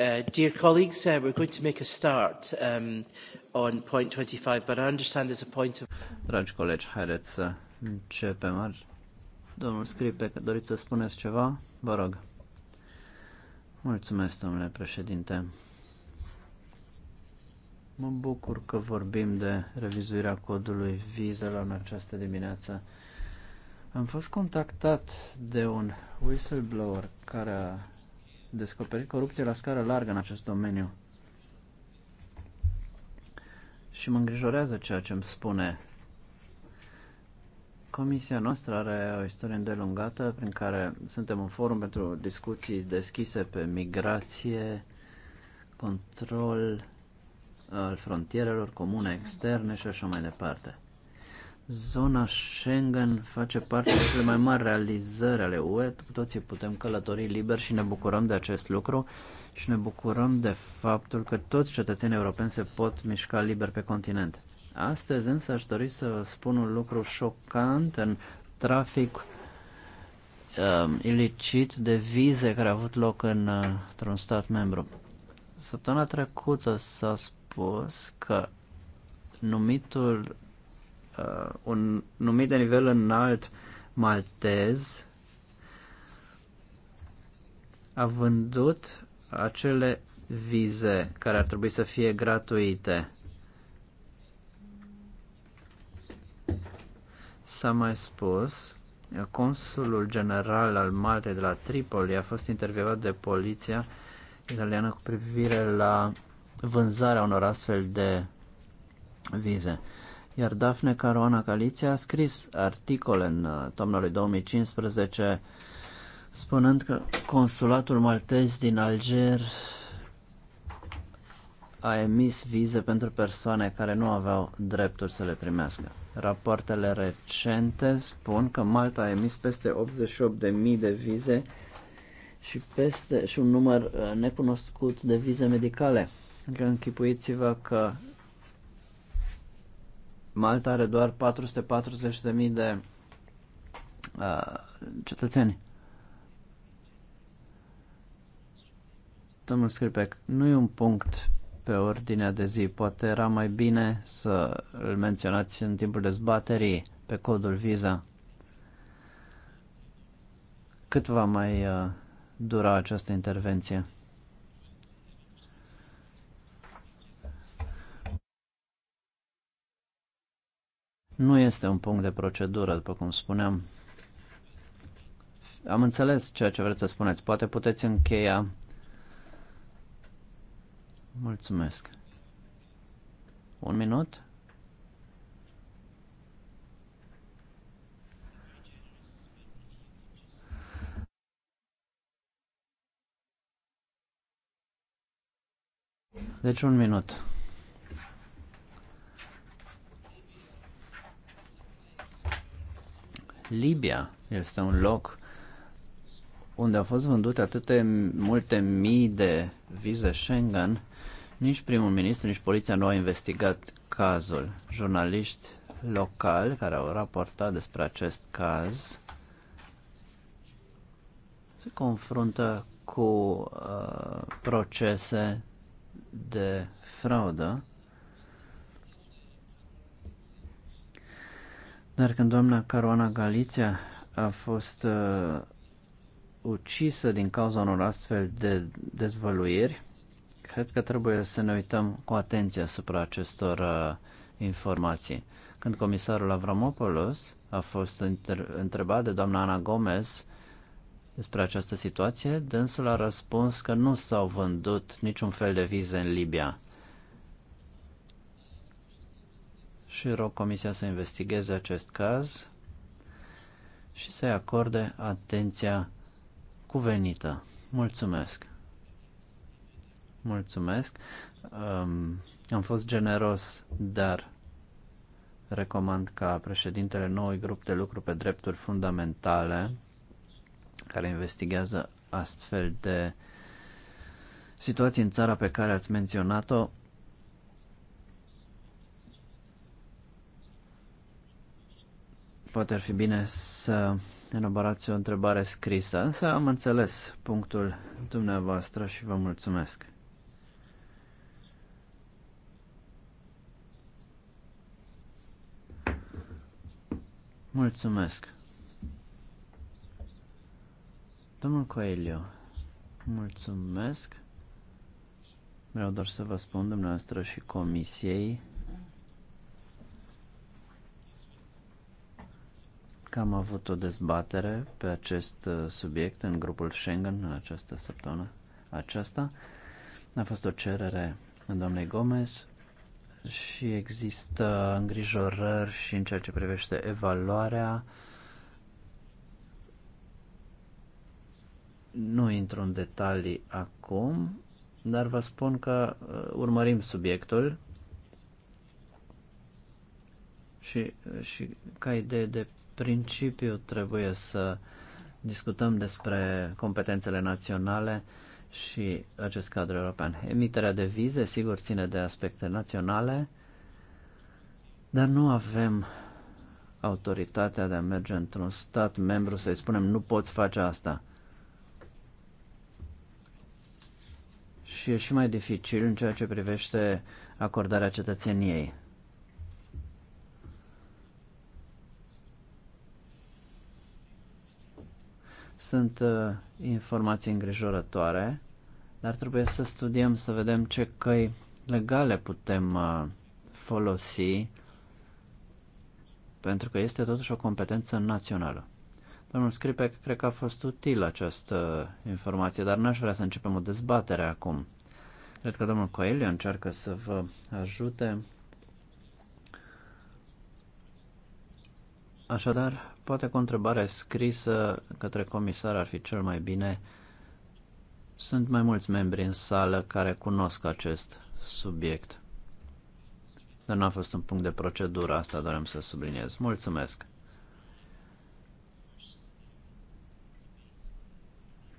Uh, dear colleagues, uh, we're going to make a start um, on point 25, but I understand there's a point of... Dragi colegi, haideți să începem. Domnul Scripe, că doriți să spuneți ceva? Vă rog. Mulțumesc, domnule președinte. Mă bucur că vorbim de revizuirea codului vizelor în această dimineață. Am fost contactat de un whistleblower care a descoperit corupție la scară largă în acest domeniu. Și mă îngrijorează ceea ce îmi spune. Comisia noastră are o istorie îndelungată prin care suntem un forum pentru discuții deschise pe migrație, control uh, al frontierelor comune externe și așa mai departe. Zona Schengen face parte din cele mai mari realizări ale UE. Cu toții putem călători liber și ne bucurăm de acest lucru și ne bucurăm de faptul că toți cetățenii europeni se pot mișca liber pe continent. Astăzi însă aș dori să spun un lucru șocant în trafic uh, ilicit de vize care a avut loc în, uh, într-un stat membru. Săptămâna trecută s-a spus că numitul Uh, un numit de nivel înalt maltez a vândut acele vize care ar trebui să fie gratuite. S-a mai spus, consulul general al Maltei de la Tripoli a fost intervievat de poliția italiană cu privire la vânzarea unor astfel de vize iar Dafne Caruana Caliția a scris articole în uh, toamna lui 2015 spunând că consulatul maltez din Alger a emis vize pentru persoane care nu aveau drepturi să le primească. Rapoartele recente spun că Malta a emis peste 88.000 de vize și, peste, și un număr uh, necunoscut de vize medicale. Închipuiți-vă că Malta are doar 440.000 de uh, cetățeni. Domnul Scripec, nu e un punct pe ordinea de zi. Poate era mai bine să îl menționați în timpul dezbaterii pe codul Visa. Cât va mai uh, dura această intervenție? Nu este un punct de procedură, după cum spuneam. Am înțeles ceea ce vreți să spuneți. Poate puteți încheia. Mulțumesc. Un minut? Deci un minut. Libia este un loc unde au fost vândute atâte multe mii de vize Schengen, nici primul ministru, nici poliția nu au investigat cazul. Jurnaliști locali care au raportat despre acest caz se confruntă cu uh, procese de fraudă Dar când doamna Caruana Galiția a fost uh, ucisă din cauza unor astfel de dezvăluiri, cred că trebuie să ne uităm cu atenție asupra acestor uh, informații. Când comisarul Avramopoulos a fost întrebat de doamna Ana Gomez despre această situație, dânsul a răspuns că nu s-au vândut niciun fel de vize în Libia. și rog Comisia să investigheze acest caz și să-i acorde atenția cuvenită. Mulțumesc! Mulțumesc! Um, am fost generos, dar recomand ca președintele noului grup de lucru pe drepturi fundamentale, care investigează astfel de situații în țara pe care ați menționat-o, poate ar fi bine să elaborați o întrebare scrisă, însă am înțeles punctul dumneavoastră și vă mulțumesc. Mulțumesc. Domnul Coelho, mulțumesc. Vreau doar să vă spun dumneavoastră și comisiei că am avut o dezbatere pe acest uh, subiect în grupul Schengen în această săptămână aceasta. A fost o cerere în domnului Gomez și există îngrijorări și în ceea ce privește evaluarea. Nu intru în detalii acum, dar vă spun că uh, urmărim subiectul și, și ca idee de principiu trebuie să discutăm despre competențele naționale și acest cadru european. Emiterea de vize, sigur, ține de aspecte naționale, dar nu avem autoritatea de a merge într-un stat membru să-i spunem nu poți face asta. Și e și mai dificil în ceea ce privește acordarea cetățeniei. Sunt uh, informații îngrijorătoare, dar trebuie să studiem, să vedem ce căi legale putem uh, folosi, pentru că este totuși o competență națională. Domnul Scripec, cred că a fost util această uh, informație, dar n-aș vrea să începem o dezbatere acum. Cred că domnul Coelio încearcă să vă ajute Așadar, poate cu o întrebare scrisă către comisar ar fi cel mai bine. Sunt mai mulți membri în sală care cunosc acest subiect. Dar nu a fost un punct de procedură, asta doream să subliniez. Mulțumesc!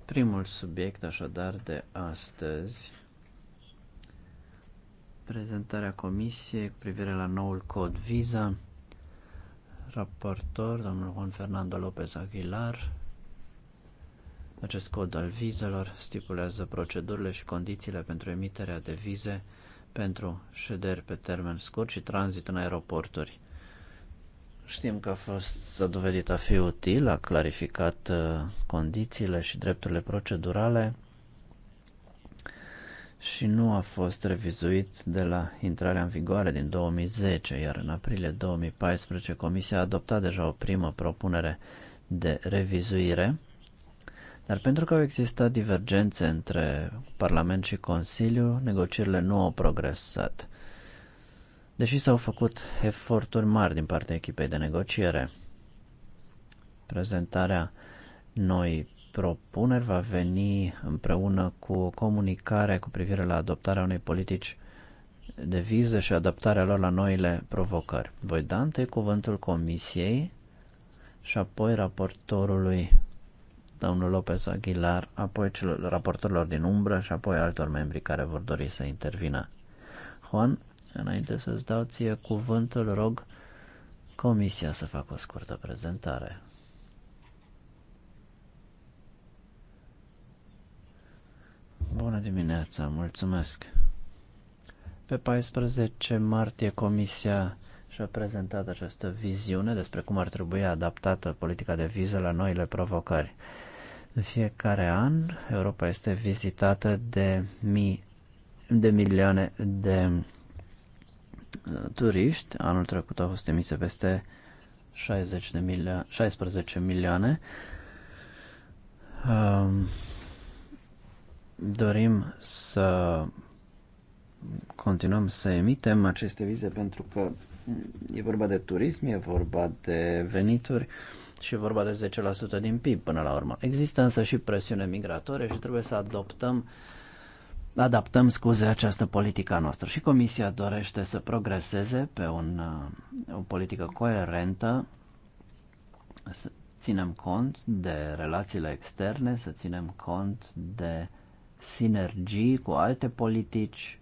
Primul subiect, așadar, de astăzi, prezentarea comisiei cu privire la noul cod Visa raportor, domnul Juan Fernando López Aguilar. Acest cod al vizelor stipulează procedurile și condițiile pentru emiterea de vize pentru șederi pe termen scurt și tranzit în aeroporturi. Știm că a fost a dovedit a fi util, a clarificat uh, condițiile și drepturile procedurale și nu a fost revizuit de la intrarea în vigoare din 2010, iar în aprilie 2014 Comisia a adoptat deja o primă propunere de revizuire, dar pentru că au existat divergențe între Parlament și Consiliu, negocierile nu au progresat, deși s-au făcut eforturi mari din partea echipei de negociere. Prezentarea noi propuneri va veni împreună cu o comunicare cu privire la adoptarea unei politici de viză și adaptarea lor la noile provocări. Voi da întâi cuvântul Comisiei și apoi raportorului domnul Lopez Aguilar, apoi celor, raportorilor din umbră și apoi altor membri care vor dori să intervină. Juan, înainte să-ți dau ție cuvântul, rog Comisia să facă o scurtă prezentare. Bună dimineața, mulțumesc. Pe 14 martie Comisia și-a prezentat această viziune despre cum ar trebui adaptată politica de viză la noile provocări. În fiecare an, Europa este vizitată de mii de milioane de uh, turiști. Anul trecut au fost emise peste 60 de milio- 16 milioane. Um, dorim să continuăm să emitem aceste vize pentru că e vorba de turism, e vorba de venituri și e vorba de 10% din PIB până la urmă. Există însă și presiune migratorie și trebuie să adoptăm adaptăm, scuze, această politică a noastră și Comisia dorește să progreseze pe un, uh, o politică coerentă, să ținem cont de relațiile externe, să ținem cont de sinergii cu alte politici,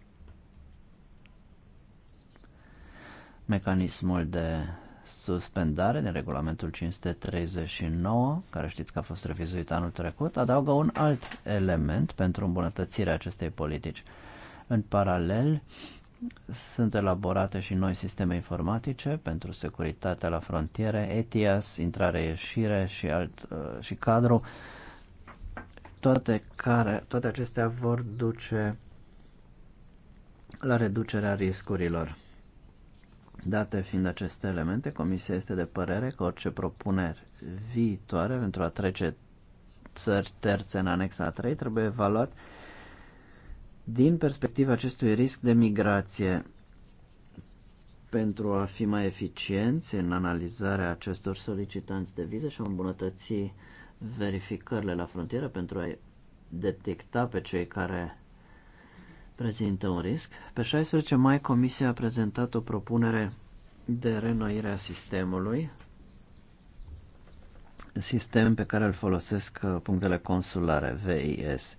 mecanismul de suspendare din regulamentul 539, care știți că a fost revizuit anul trecut, adaugă un alt element pentru îmbunătățirea acestei politici. În paralel, sunt elaborate și noi sisteme informatice pentru securitatea la frontiere, ETIAS, intrare-ieșire și, alt, uh, și cadru toate, care, toate acestea vor duce la reducerea riscurilor. Date fiind aceste elemente, Comisia este de părere că orice propuneri viitoare pentru a trece țări terțe în anexa 3 trebuie evaluat din perspectiva acestui risc de migrație. Pentru a fi mai eficienți în analizarea acestor solicitanți de vize și a îmbunătăți verificările la frontieră pentru a detecta pe cei care prezintă un risc. Pe 16 mai Comisia a prezentat o propunere de renoire a sistemului, sistem pe care îl folosesc uh, punctele consulare, VIS.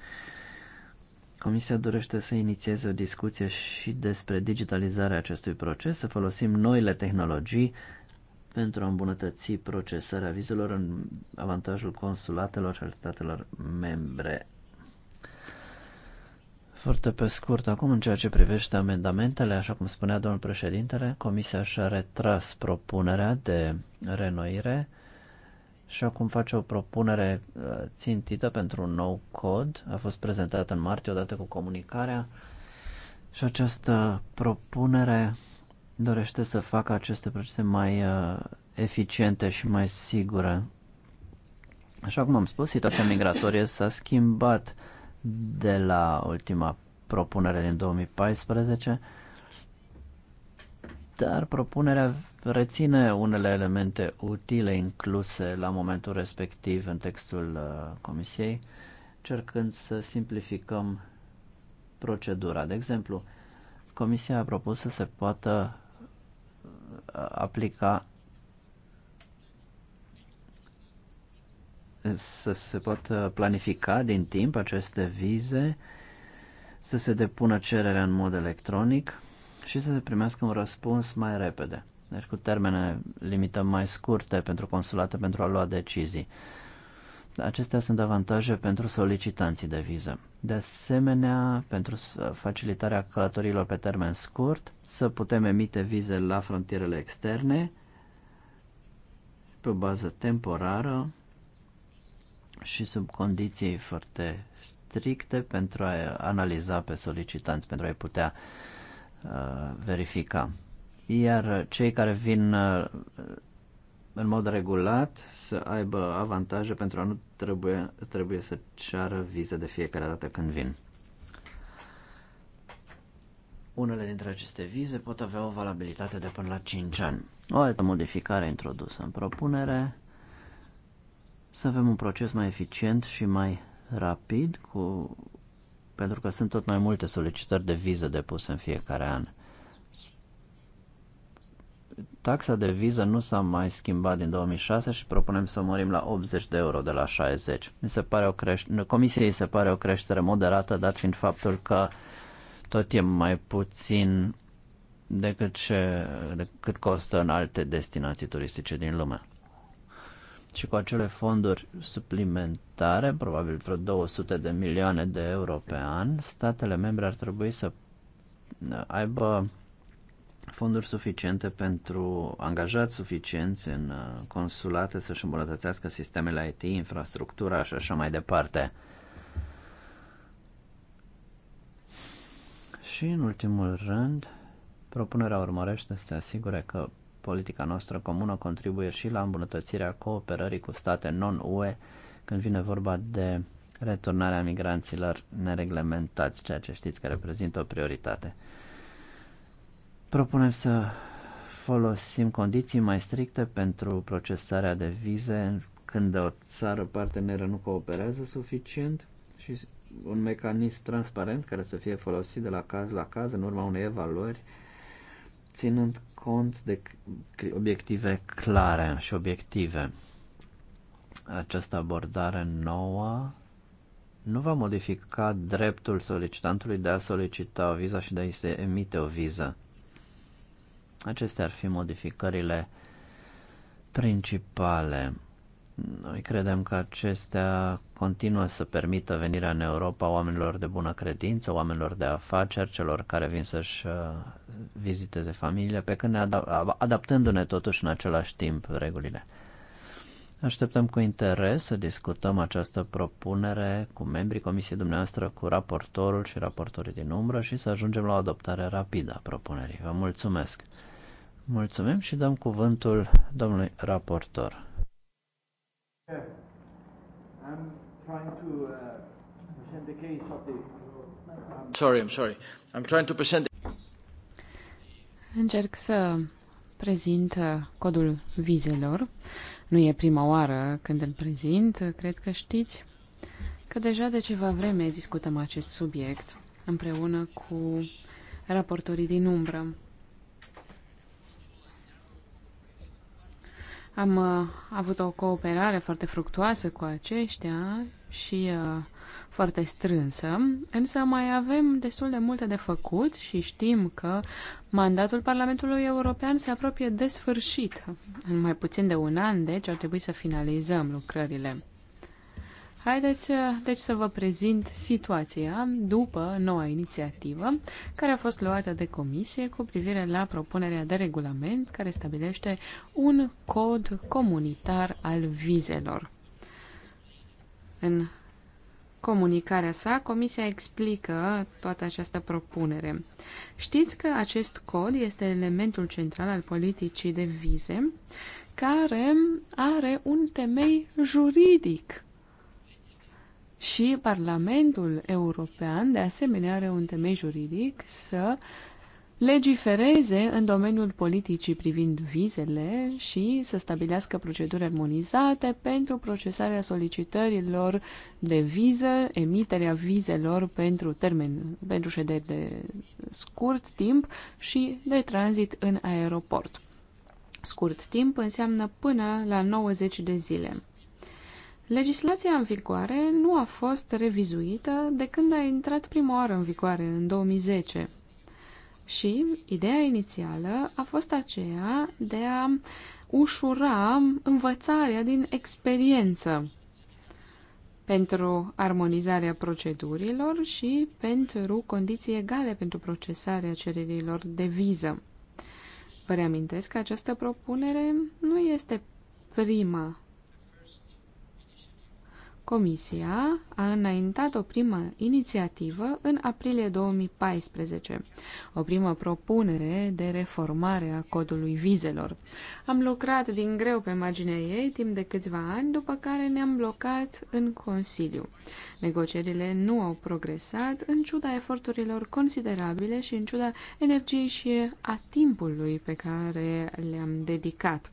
Comisia dorește să inițieze o discuție și despre digitalizarea acestui proces, să folosim noile tehnologii pentru a îmbunătăți procesarea vizelor în avantajul consulatelor și al statelor membre. Foarte pe scurt, acum în ceea ce privește amendamentele, așa cum spunea domnul președintele, Comisia și-a retras propunerea de renoire și acum face o propunere uh, țintită pentru un nou cod. A fost prezentată în martie odată cu comunicarea și această propunere dorește să facă aceste procese mai uh, eficiente și mai sigure. Așa cum am spus, situația migratorie s-a schimbat de la ultima propunere din 2014, dar propunerea reține unele elemente utile incluse la momentul respectiv în textul uh, Comisiei, cercând să simplificăm procedura. De exemplu, Comisia a propus să se poată aplica să se pot uh, planifica din timp aceste vize, să se depună cererea în mod electronic și să se primească un răspuns mai repede. Deci cu termene limităm mai scurte pentru consulate pentru a lua decizii. Acestea sunt avantaje pentru solicitanții de viză. De asemenea, pentru facilitarea călătorilor pe termen scurt, să putem emite vize la frontierele externe pe bază temporară și sub condiții foarte stricte pentru a analiza pe solicitanți, pentru a-i putea uh, verifica. Iar cei care vin uh, în mod regulat să aibă avantaje pentru a nu trebuie, trebuie să ceară vize de fiecare dată când vin. Unele dintre aceste vize pot avea o valabilitate de până la 5 ani. O altă modificare introdusă în propunere să avem un proces mai eficient și mai rapid cu pentru că sunt tot mai multe solicitări de viză depuse în fiecare an taxa de viză nu s-a mai schimbat din 2006 și propunem să mărim la 80 de euro de la 60. Mi se pare o creștere, comisiei se pare o creștere moderată, dat fiind faptul că tot e mai puțin decât, ce, decât costă în alte destinații turistice din lume. Și cu acele fonduri suplimentare, probabil vreo 200 de milioane de euro pe an, statele membre ar trebui să aibă fonduri suficiente pentru angajați suficienți în uh, consulate să-și îmbunătățească sistemele IT, infrastructura și așa mai departe. Și, în ultimul rând, propunerea urmărește să se asigure că politica noastră comună contribuie și la îmbunătățirea cooperării cu state non-UE când vine vorba de returnarea migranților nereglementați, ceea ce știți că reprezintă o prioritate. Propunem să folosim condiții mai stricte pentru procesarea de vize când o țară parteneră nu cooperează suficient și un mecanism transparent care să fie folosit de la caz la caz în urma unei evaluări, ținând cont de obiective clare și obiective. Această abordare nouă nu va modifica dreptul solicitantului de a solicita o viză și de a-i se emite o viză. Acestea ar fi modificările principale. Noi credem că acestea continuă să permită venirea în Europa oamenilor de bună credință, oamenilor de afaceri, celor care vin să-și uh, viziteze familia, pe când ne adaptându-ne totuși în același timp regulile. Așteptăm cu interes să discutăm această propunere cu membrii comisiei dumneavoastră, cu raportorul și raportorii din umbră și să ajungem la o adoptare rapidă a propunerii. Vă mulțumesc! Mulțumim și dăm cuvântul domnului raportor. Uh, sorry, I'm sorry. I'm trying to present um, Încerc să prezint uh, codul vizelor. Nu e prima oară când îl prezint, cred că știți că deja de ceva vreme discutăm acest subiect împreună cu raportorii din umbră. Am uh, avut o cooperare foarte fructuoasă cu aceștia și uh, foarte strânsă, însă mai avem destul de multe de făcut și știm că mandatul Parlamentului European se apropie de sfârșit. În mai puțin de un an, deci, ar trebui să finalizăm lucrările. Haideți, uh, deci, să vă prezint situația după noua inițiativă care a fost luată de comisie cu privire la propunerea de regulament care stabilește un cod comunitar al vizelor. În comunicarea sa, Comisia explică toată această propunere. Știți că acest cod este elementul central al politicii de vize, care are un temei juridic și Parlamentul European, de asemenea, are un temei juridic să legifereze în domeniul politicii privind vizele și să stabilească proceduri armonizate pentru procesarea solicitărilor de viză, emiterea vizelor pentru termen, pentru șederi de scurt timp și de tranzit în aeroport. Scurt timp înseamnă până la 90 de zile. Legislația în vigoare nu a fost revizuită de când a intrat prima oară în vigoare, în 2010. Și ideea inițială a fost aceea de a ușura învățarea din experiență pentru armonizarea procedurilor și pentru condiții egale pentru procesarea cererilor de viză. Vă reamintesc că această propunere nu este prima Comisia a înaintat o primă inițiativă în aprilie 2014, o primă propunere de reformare a codului vizelor. Am lucrat din greu pe marginea ei timp de câțiva ani, după care ne-am blocat în Consiliu. Negocierile nu au progresat în ciuda eforturilor considerabile și în ciuda energiei și a timpului pe care le-am dedicat.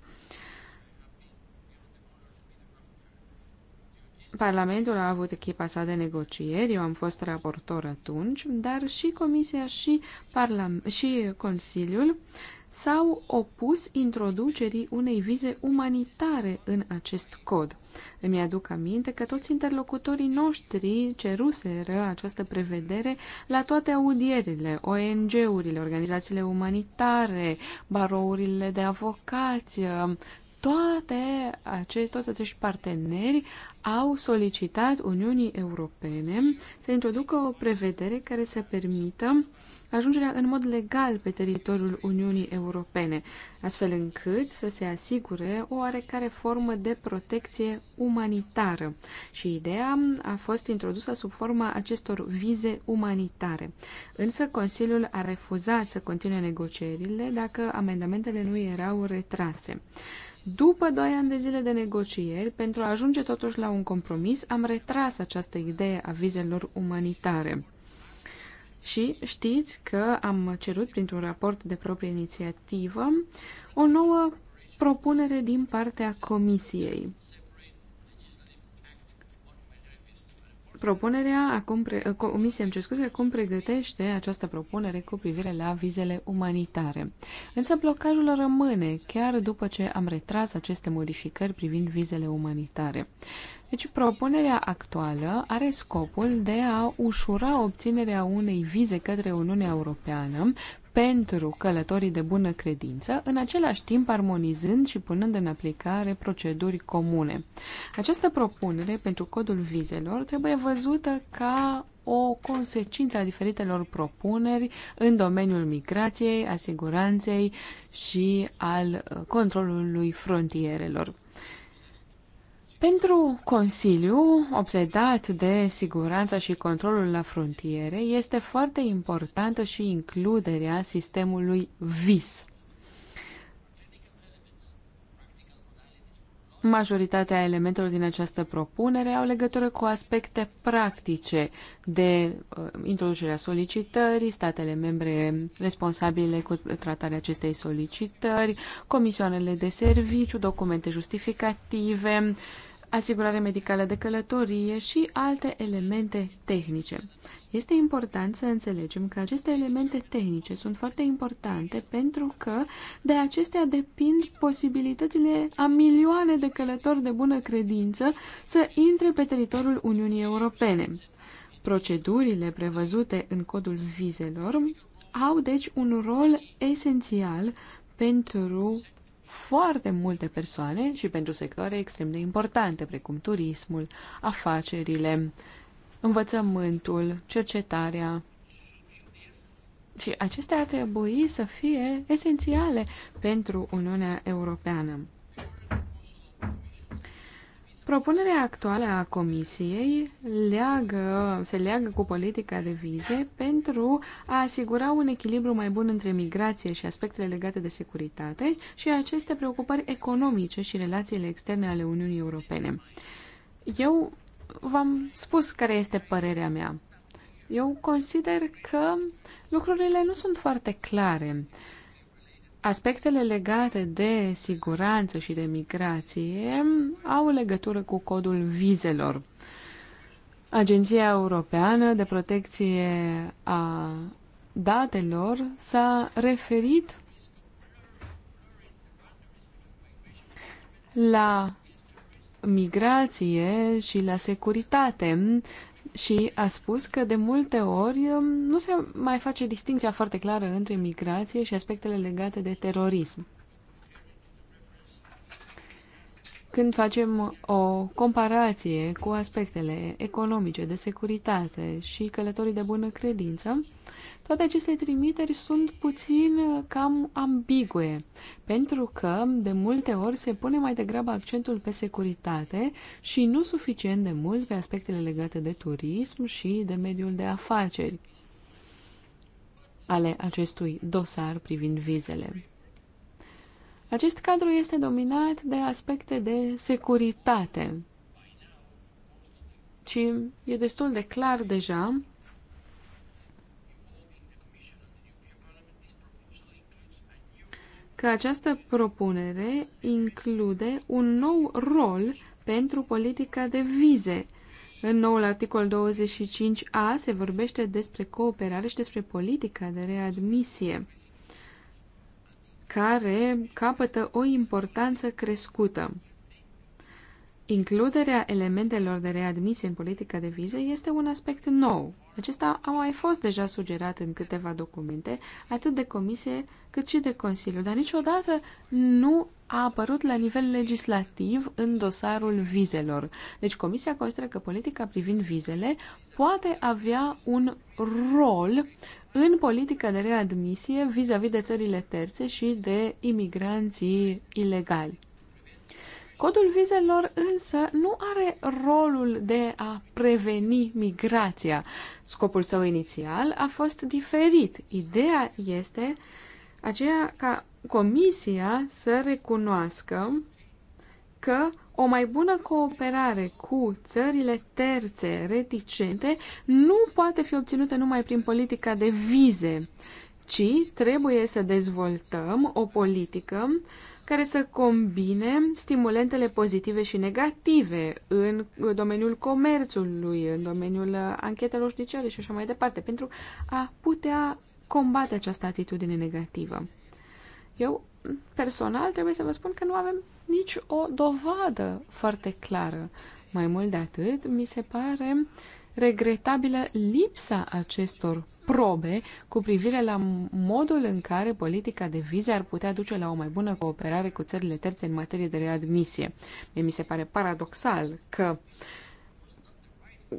Parlamentul a avut echipa sa de negocieri, eu am fost raportor atunci, dar și Comisia și, Parlam și Consiliul s-au opus introducerii unei vize umanitare în acest cod. Îmi aduc aminte că toți interlocutorii noștri ceruseră această prevedere la toate audierile, ONG-urile, organizațiile umanitare, barourile de avocați, toate acești, toți acești parteneri au solicitat Uniunii Europene să introducă o prevedere care să permită ajungerea în mod legal pe teritoriul Uniunii Europene, astfel încât să se asigure o oarecare formă de protecție umanitară. Și ideea a fost introdusă sub forma acestor vize umanitare. Însă Consiliul a refuzat să continue negocierile dacă amendamentele nu erau retrase. După doi ani de zile de negocieri, pentru a ajunge totuși la un compromis, am retras această idee a vizelor umanitare. Și știți că am cerut, printr-un raport de proprie inițiativă, o nouă propunere din partea Comisiei. propunerea, acum pre, eh, comisia, îmi cer scuze, cum pregătește această propunere cu privire la vizele umanitare. Însă blocajul rămâne chiar după ce am retras aceste modificări privind vizele umanitare. Deci propunerea actuală are scopul de a ușura obținerea unei vize către Uniunea Europeană pentru călătorii de bună credință, în același timp armonizând și punând în aplicare proceduri comune. Această propunere pentru codul vizelor trebuie văzută ca o consecință a diferitelor propuneri în domeniul migrației, asiguranței și al uh, controlului frontierelor. Pentru Consiliu, obsedat de siguranța și controlul la frontiere, este foarte importantă și includerea sistemului VIS. Majoritatea elementelor din această propunere au legătură cu aspecte practice de uh, introducerea solicitării, statele membre responsabile cu tratarea acestei solicitări, comisioanele de serviciu, documente justificative, uh, asigurare medicală de călătorie și alte elemente tehnice. Este important să înțelegem că aceste elemente tehnice sunt foarte importante pentru că de acestea depind posibilitățile a milioane de călători de bună credință să intre pe teritoriul Uniunii Europene. Procedurile prevăzute în codul vizelor au deci un rol esențial pentru foarte multe persoane și pentru sectoare extrem de importante, precum turismul, afacerile, învățământul, cercetarea. Și acestea ar trebui să fie esențiale pentru Uniunea Europeană. Propunerea actuală a Comisiei leagă, se leagă cu politica de vize pentru a asigura un echilibru mai bun între migrație și aspectele legate de securitate și aceste preocupări economice și relațiile externe ale Uniunii Europene. Eu v-am spus care este părerea mea. Eu consider că lucrurile nu sunt foarte clare. Uh, Aspectele legate de siguranță și de migrație au legătură cu codul vizelor. Agenția Europeană de Protecție a Datelor s-a referit la migrație și la securitate și a spus că de multe ori um, nu se mai face distinția foarte clară între migrație și aspectele legate de terorism. Când facem o comparație cu aspectele economice, de securitate și călătorii de bună credință, toate aceste trimiteri sunt puțin uh, cam ambigue, pentru că de multe ori se pune mai degrabă accentul pe securitate și nu suficient de mult pe aspectele legate de turism și de mediul de afaceri ale acestui dosar privind vizele. Acest cadru este dominat de aspecte de securitate, Și e destul de clar deja că această propunere include un nou rol pentru politica de vize. În noul articol 25a se vorbește despre cooperare și despre politica de readmisie, care capătă o importanță crescută. Includerea elementelor de readmisie în politica de vize este un aspect nou. Acesta a mai fost deja sugerat în câteva documente, atât de comisie cât și de Consiliu, dar niciodată nu a apărut la nivel legislativ în dosarul vizelor. Deci Comisia consideră că politica privind vizele poate avea un rol în politica de readmisie vis-a-vis -vis de țările terțe și de imigranții ilegali. Codul vizelor însă nu are rolul de a preveni migrația. Scopul său inițial a fost diferit. Ideea este aceea ca Comisia să recunoască că o mai bună cooperare cu țările terțe reticente nu poate fi obținută numai prin politica de vize, ci trebuie să dezvoltăm o politică uh, care să combine stimulentele pozitive și negative în domeniul comerțului, în domeniul anchetelor judiciare și așa mai departe, pentru a putea combate această atitudine negativă. Eu, personal, trebuie să vă spun că nu avem nici o dovadă foarte clară. Mai mult de atât, mi se pare uh, regretabilă lipsa acestor probe cu privire la modul în care politica de vize ar putea duce la o mai bună cooperare cu țările terțe în materie de readmisie. Mie mi se pare paradoxal că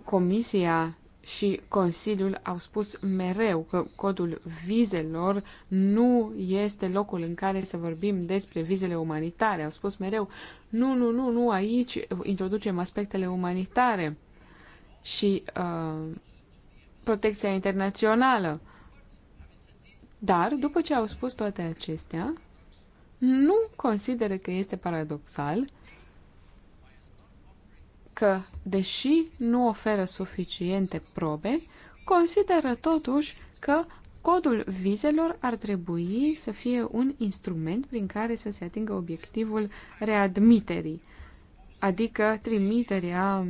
Comisia și Consiliul au spus mereu că codul vizelor nu este locul în care să vorbim despre vizele umanitare. Au spus mereu, nu, nu, nu, nu, aici introducem aspectele umanitare și uh, protecția internațională. Dar, după ce au spus toate acestea, nu consideră că este paradoxal că, deși nu oferă suficiente probe, consideră totuși că codul vizelor ar trebui să fie un instrument prin care să se atingă obiectivul readmiterii, adică trimiterea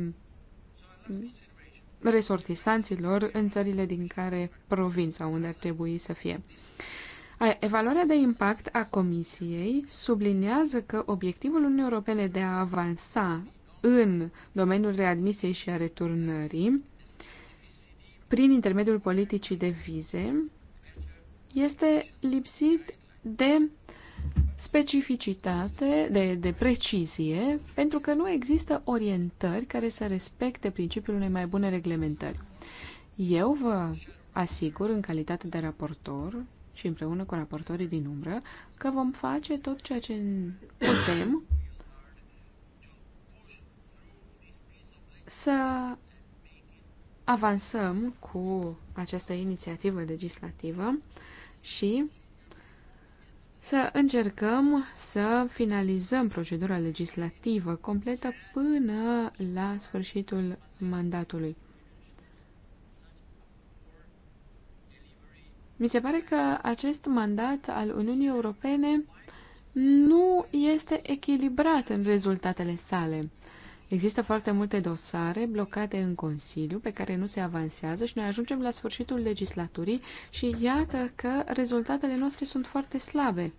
resortisanților în țările din care provin sau unde ar trebui să fie. Evaluarea de impact a Comisiei subliniază că obiectivul Uniunii Europene de a avansa în domeniul readmisiei și a returnării prin intermediul politicii de vize este lipsit de specificitate, de, de precizie, pentru că nu există orientări care să respecte principiul unei mai bune reglementări. Eu vă asigur, în calitate de raportor și împreună cu raportorii din umbră, că vom face tot ceea ce putem să avansăm cu această inițiativă legislativă și să încercăm să finalizăm procedura legislativă completă până la sfârșitul mandatului. Mi se pare că acest mandat al Uniunii Europene nu este echilibrat în rezultatele sale. Există foarte multe dosare blocate în Consiliu pe care nu se avansează și noi ajungem la sfârșitul legislaturii și iată că rezultatele noastre sunt foarte slabe.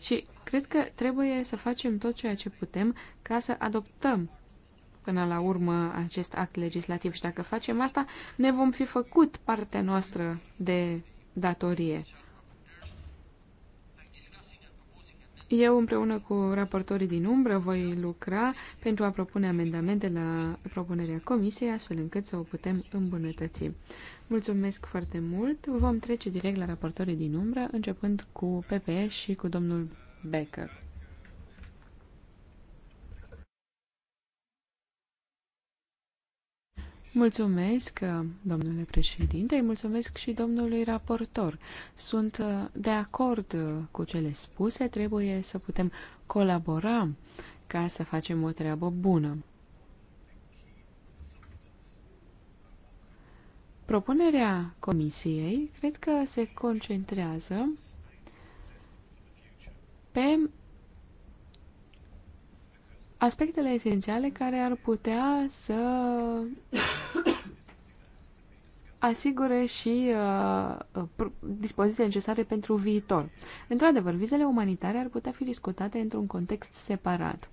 Și cred că trebuie să facem tot ceea ce putem ca să adoptăm până la urmă acest act legislativ și dacă facem asta, ne vom fi făcut partea noastră de datorie. Eu împreună cu raportorii din umbră voi lucra pentru a propune amendamente la propunerea comisiei, astfel încât să o putem îmbunătăți. Mulțumesc foarte mult. Vom trece direct la raportorii din umbră, începând cu PPE și cu domnul Becker. Mulțumesc, uh, domnule președinte, mulțumesc și domnului raportor. Sunt uh, de acord uh, cu cele spuse, trebuie să putem colabora ca să facem o treabă bună. Propunerea comisiei cred că se concentrează pe aspectele esențiale care ar putea să asigure și uh, uh dispozițiile necesare pentru viitor. Într-adevăr, vizele umanitare ar putea fi discutate într-un context separat.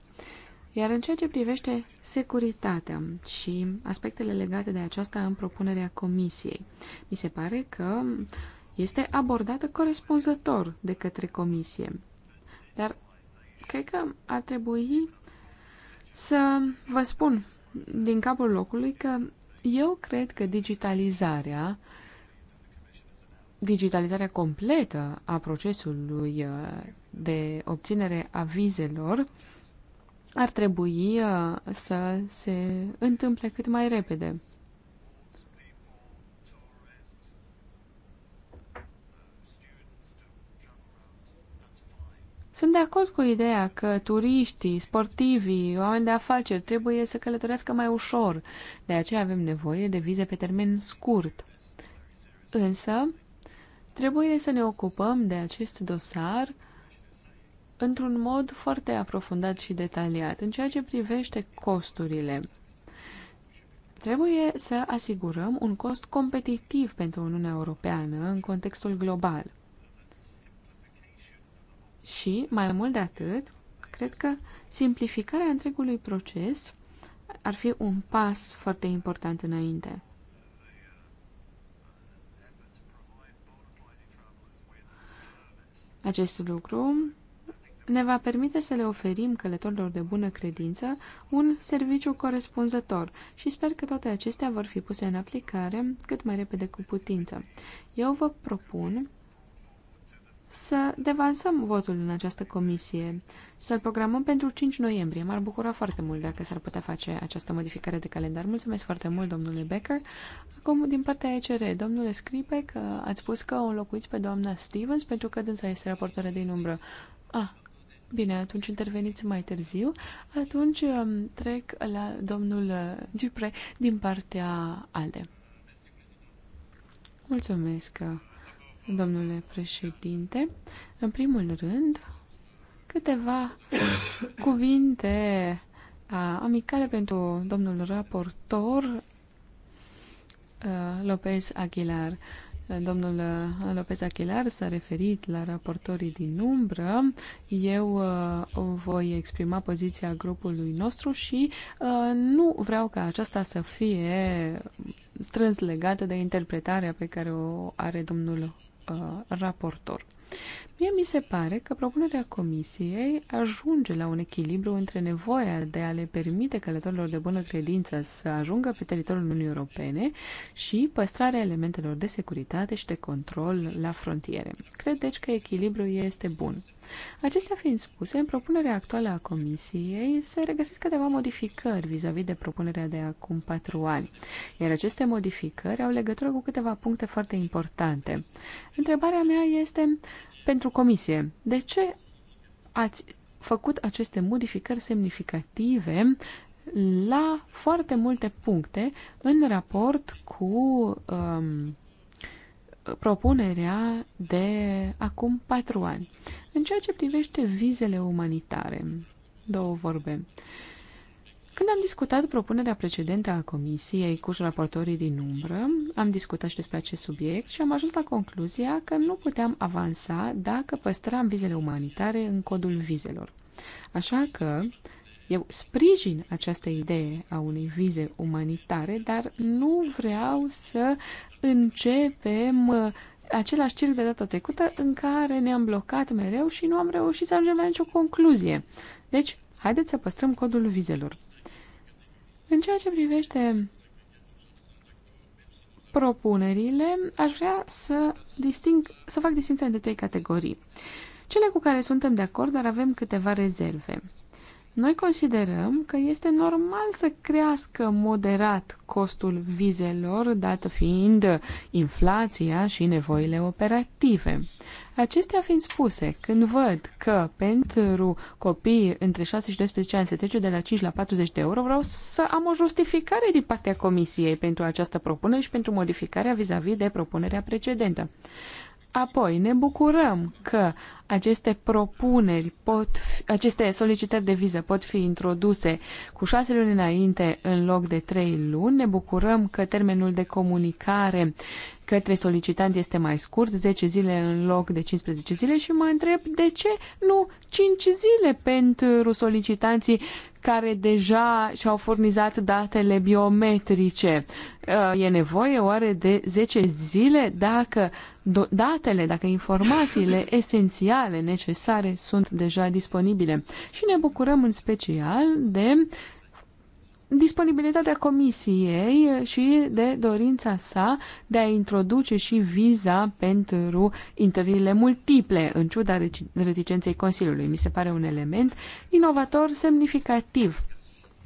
Iar în ceea ce privește securitatea și aspectele legate de aceasta în propunerea comisiei, mi se pare că este abordată corespunzător de către comisie. Dar cred că ar trebui să vă spun din capul locului că eu cred că digitalizarea, digitalizarea completă a procesului uh, de obținere a vizelor ar trebui uh, să se întâmple cât mai repede. Sunt de acord cu ideea că turiștii, sportivii, oameni de afaceri trebuie să călătorească mai ușor. De aceea avem nevoie de vize pe termen scurt. Însă, trebuie să ne ocupăm de acest dosar într-un mod foarte aprofundat și detaliat în ceea ce privește costurile. Trebuie să asigurăm un cost competitiv pentru Uniunea Europeană în contextul global. Și, mai mult de atât, cred că simplificarea întregului proces ar fi un pas foarte important înainte. Acest lucru ne va permite să le oferim călătorilor de bună credință un serviciu corespunzător și sper că toate acestea vor fi puse în aplicare cât mai repede cu putință. Eu vă propun să devansăm votul în această comisie să-l programăm pentru 5 noiembrie. M-ar bucura foarte mult dacă s-ar putea face această modificare de calendar. Mulțumesc foarte mult, domnule Becker. Acum, din partea ECR, domnule că ați spus că o înlocuiți pe doamna Stevens pentru că dânsa este raportoare din umbră. Ah, Bine, atunci interveniți mai târziu. Atunci um, trec la domnul uh, Dupre din partea ALDE. Mulțumesc, domnule președinte. În primul rând, câteva cuvinte amicale pentru domnul raportor Lopez Aguilar. Domnul Lopez Aguilar s-a referit la raportorii din umbră. Eu voi exprima poziția grupului nostru și nu vreau ca aceasta să fie strâns legată de interpretarea pe care o are domnul Uh, raportor. Mie mi se pare că propunerea comisiei ajunge la un echilibru între nevoia de a le permite călătorilor de bună credință să ajungă pe teritoriul Uniunii Europene și păstrarea elementelor de securitate și de control la frontiere. Cred deci că echilibrul este bun. Acestea fiind spuse, în propunerea actuală a Comisiei se regăsesc câteva modificări vis-a-vis -vis de propunerea de acum patru ani, iar aceste modificări au legătură cu câteva puncte foarte importante. Întrebarea mea este pentru Comisie, de ce ați făcut aceste modificări semnificative la foarte multe puncte în raport cu um, propunerea de acum patru ani. În ceea ce privește vizele umanitare, două vorbe. Când am discutat propunerea precedentă a Comisiei cu raportorii din umbră, am discutat și despre acest subiect și am ajuns la concluzia că nu puteam avansa dacă păstram vizele umanitare în codul vizelor. Așa că eu sprijin această idee a unei vize umanitare, dar nu vreau să începem uh, același cel de data trecută în care ne-am blocat mereu și nu am reușit să ajungem la nicio concluzie. Deci, haideți să păstrăm codul vizelor. În ceea ce privește propunerile, aș vrea să, disting, să fac distinția între trei categorii. Cele cu care suntem de acord, dar avem câteva rezerve. Noi considerăm că este normal să crească moderat costul vizelor, dată fiind inflația și nevoile operative. Acestea fiind spuse, când văd că pentru copii între 6 și 12 ani se trece de la 5 la 40 de euro, vreau să am o justificare din partea Comisiei pentru această propunere și pentru modificarea vis-a-vis -vis de propunerea precedentă. Apoi, ne bucurăm că aceste propuneri, pot fi, aceste solicitări de viză pot fi introduse cu șase luni înainte în loc de trei luni. Ne bucurăm că termenul de comunicare către solicitant este mai scurt, 10 zile în loc de 15 zile și mă întreb de ce nu 5 zile pentru solicitanții care deja și-au furnizat datele biometrice. Uh, e nevoie oare de 10 zile dacă datele, dacă informațiile esențiale materiale necesare sunt deja disponibile și ne bucurăm în special de disponibilitatea comisiei și de dorința sa de a introduce și viza pentru întâlnirile multiple, în ciuda reticenței Consiliului. Mi se pare un element inovator semnificativ.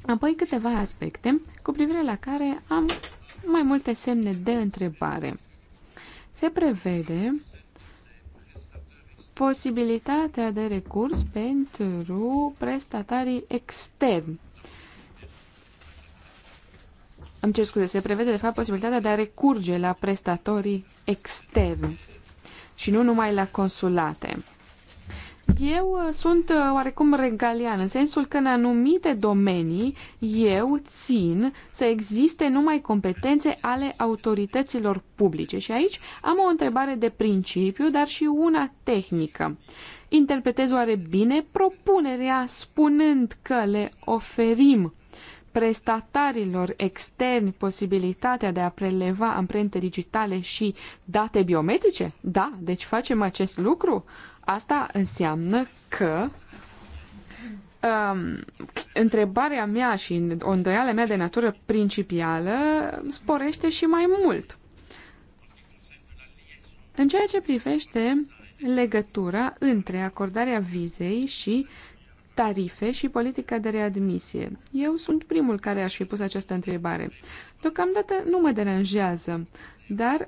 Apoi câteva aspecte cu privire la care am mai multe semne de întrebare. Se prevede posibilitatea de recurs pentru prestatarii externi. Îmi cer scuze, se prevede de fapt posibilitatea de a recurge la prestatorii externi și nu numai la consulate. Eu uh, sunt uh, oarecum regalian, în sensul că în anumite domenii eu țin să existe numai competențe ale autorităților publice. Și aici am o întrebare de principiu, dar și una tehnică. Interpretez oare bine propunerea spunând că le oferim prestatarilor externi posibilitatea de a preleva amprente digitale și date biometrice? Da, deci facem acest lucru? Asta înseamnă că um, întrebarea mea și o îndoială mea de natură principială sporește și mai mult. În ceea ce privește legătura între acordarea vizei și tarife și politica de readmisie. Eu sunt primul care aș fi pus această întrebare. Deocamdată nu mă deranjează, dar uh,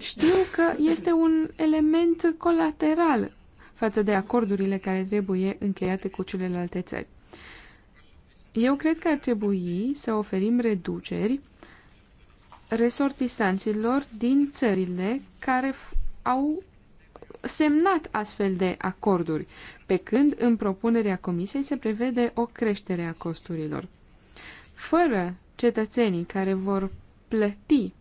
știu că este un element colateral față de acordurile care trebuie încheiate cu celelalte țări. Eu cred că ar trebui să oferim reduceri resortisanților din țările care au semnat astfel de acorduri, pe când în propunerea Comisiei se prevede o creștere a costurilor. Fără cetățenii care vor plăti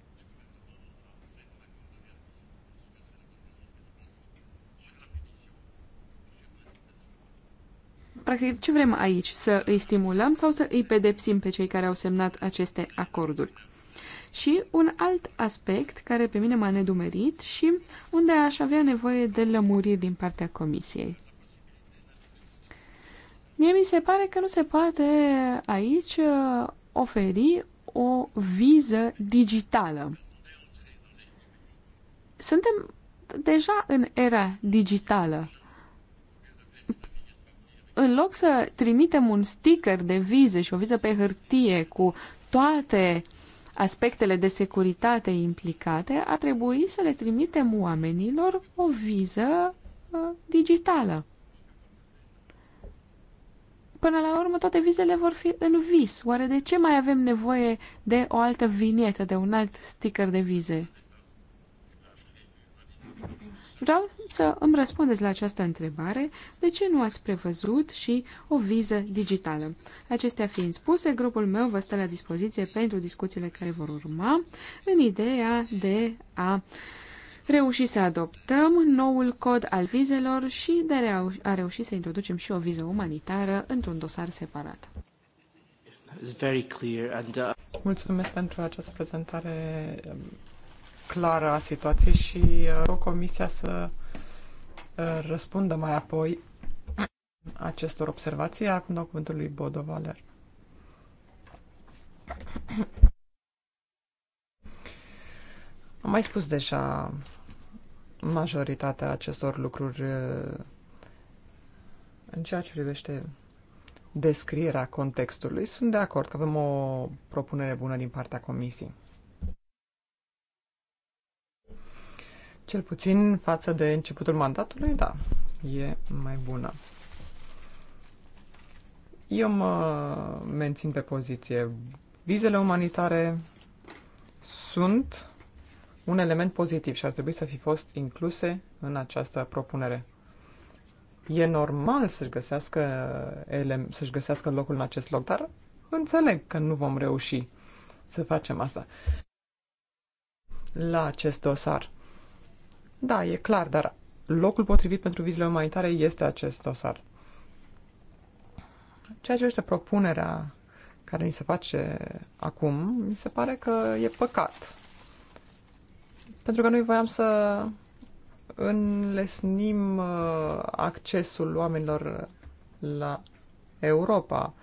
practic, ce vrem aici? Să îi stimulăm sau să îi pedepsim pe cei care au semnat aceste acorduri? Și un alt aspect care pe mine m-a nedumerit și unde aș avea nevoie de lămuriri din partea comisiei. Mie mi se pare că nu se poate aici uh, oferi o viză digitală. Suntem deja în era digitală în loc să trimitem un sticker de viză și o viză pe hârtie cu toate aspectele de securitate implicate, a trebui să le trimitem oamenilor o viză uh, digitală. Până la urmă, toate vizele vor fi în vis. Oare de ce mai avem nevoie de o altă vinietă, de un alt sticker de vize? Vreau să îmi răspundeți la această întrebare, de ce nu ați prevăzut și o viză digitală? Acestea fiind spuse, grupul meu vă stă la dispoziție pentru discuțiile care vor urma în ideea de a reuși să adoptăm noul cod al vizelor și de a reuși să introducem și o viză umanitară într-un dosar separat. Uh, Mulțumesc pentru această prezentare um, clară a situației și uh, comisia să uh, răspundă mai apoi acestor observații. Acum dau cuvântul lui Bodo Valer. Am mai spus deja majoritatea acestor lucruri uh, în ceea ce privește descrierea contextului. Sunt de acord că avem o propunere bună din partea comisiei. Cel puțin față de începutul mandatului, da, e mai bună. Eu mă mențin pe poziție. Vizele umanitare sunt un element pozitiv și ar trebui să fi fost incluse în această propunere. E normal să-și găsească, să găsească locul în acest loc, dar înțeleg că nu vom reuși să facem asta la acest dosar. Da, e clar, dar locul potrivit pentru vizile umanitare este acest dosar. Ceea ce este propunerea care ni se face acum, mi se pare că e păcat. Pentru că noi voiam să înlesnim uh, accesul oamenilor la Europa,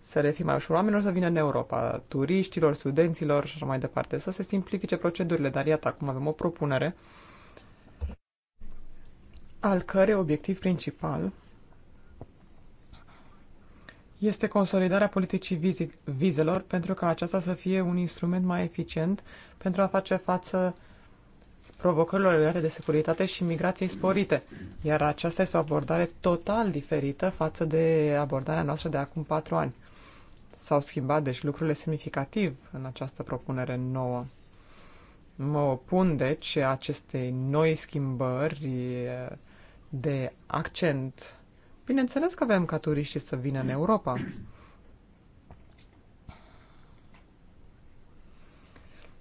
să le fie mai ușor oamenilor să vină în Europa, turiștilor, studenților și așa mai departe, să se simplifice procedurile, dar iată, acum avem o propunere uh, al care obiectiv principal este consolidarea politicii vizelor pentru ca aceasta să fie un instrument mai eficient pentru a face față provocărilor legate de securitate și migrației sporite. Iar aceasta este o abordare total diferită față de abordarea noastră de acum patru ani. S-au schimbat, deci, lucrurile semnificativ în această propunere nouă. Mă opun, deci, acestei noi schimbări de accent. Bineînțeles că avem ca turiștii să vină în Europa.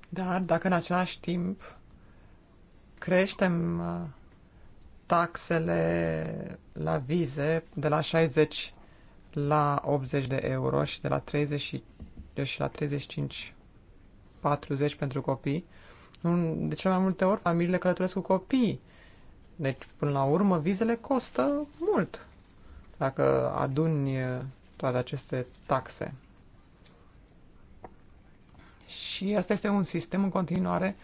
Dar dacă în același timp creștem uh, taxele la vize de la 60 la 80 de euro și de la 30 deci și la 35 40 pentru copii, de cele mai multe ori familiile călătoresc cu copii deci, până la urmă, vizele costă mult dacă aduni toate aceste taxe. Și asta este un sistem în continuare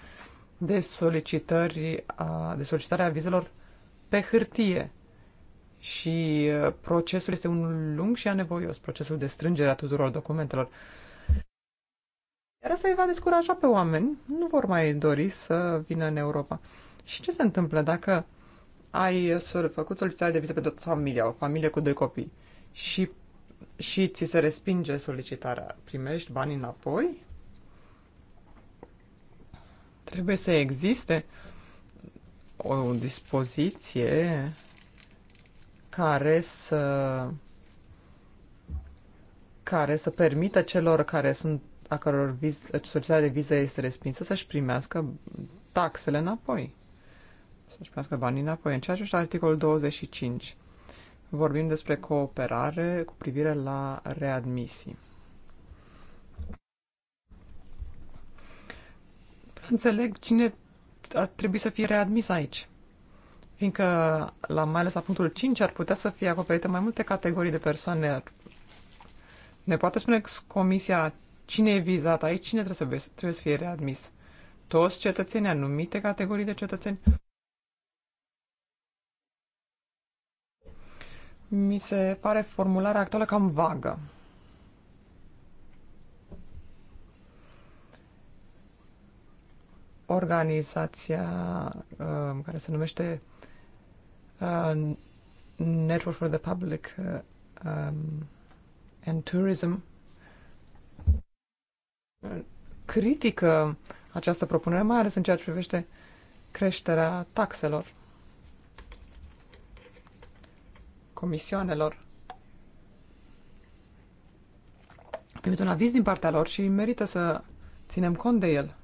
de, solicitări, de solicitare a vizelor pe hârtie. Și procesul este unul lung și anevoios, procesul de strângere a tuturor documentelor. Iar asta îi va descuraja pe oameni, nu vor mai dori să vină în Europa. Și ce se întâmplă dacă ai făcut solicitarea de viză pentru toată familia, o familie cu doi copii și, și ți se respinge solicitarea, primești banii înapoi? Trebuie să existe o dispoziție care să care să permită celor care sunt a căror viz, solicitarea de viză este respinsă să-și primească taxele înapoi să-și primească banii înapoi. În ceea ce articolul 25, vorbim despre cooperare cu privire la readmisii. Înțeleg cine ar trebui să fie readmis aici fiindcă la mai ales la punctul 5 ar putea să fie acoperite mai multe categorii de persoane. Ne poate spune comisia cine e vizat aici, cine trebuie să, trebuie să fie readmis? Toți cetățenii, anumite categorii de cetățeni? Mi se pare formularea actuală cam vagă. Organizația uh, care se numește uh, Network for the Public uh, um, and Tourism critică această propunere, mai ales în ceea ce privește creșterea taxelor. comisioanelor. Primit un aviz din partea lor și merită să ținem cont de el.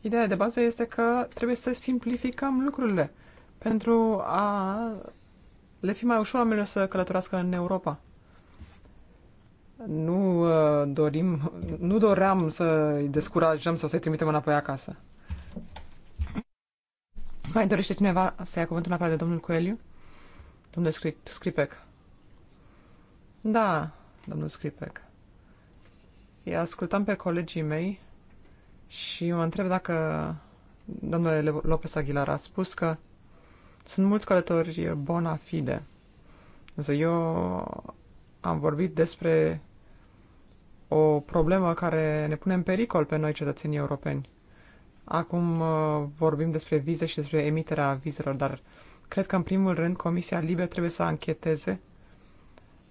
Ideea de bază este că trebuie să simplificăm lucrurile pentru a le fi mai ușor oamenilor să călătorească în Europa. Nu uh, dorim, nu doream să îi descurajăm sau să-i trimitem înapoi acasă. Mai dorește cineva să ia cuvântul în de domnul Coeliu? Domnule Scripec. Da, domnul Scripec. Îi ascultam pe colegii mei și mă întreb dacă domnule Lopez Aguilar a spus că sunt mulți călători bona fide. Însă eu am vorbit despre o problemă care ne pune în pericol pe noi, cetățenii europeni. Acum uh, vorbim despre vize și despre emiterea vizelor, dar Cred că, în primul rând, Comisia Libe trebuie să ancheteze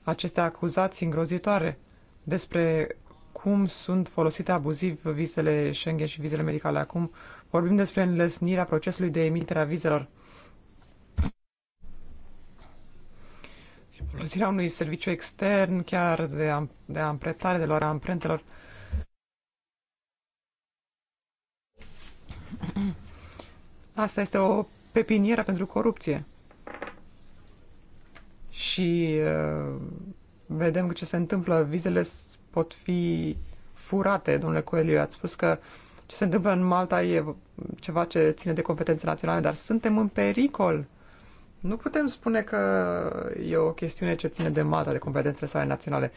aceste acuzații îngrozitoare despre cum sunt folosite abuziv vizele Schengen și vizele medicale. Acum vorbim despre înlesnirea procesului de emitere a vizelor. Și folosirea unui serviciu extern chiar de, am, de ampretare, de a amprentelor. Asta este o pepiniera pentru corupție. Și uh, vedem ce se întâmplă. Vizele pot fi furate, domnule Coeliu. Ați spus că ce se întâmplă în Malta e ceva ce ține de competențe naționale, dar suntem în pericol. Nu putem spune că e o chestiune ce ține de Malta, de competențele sale naționale.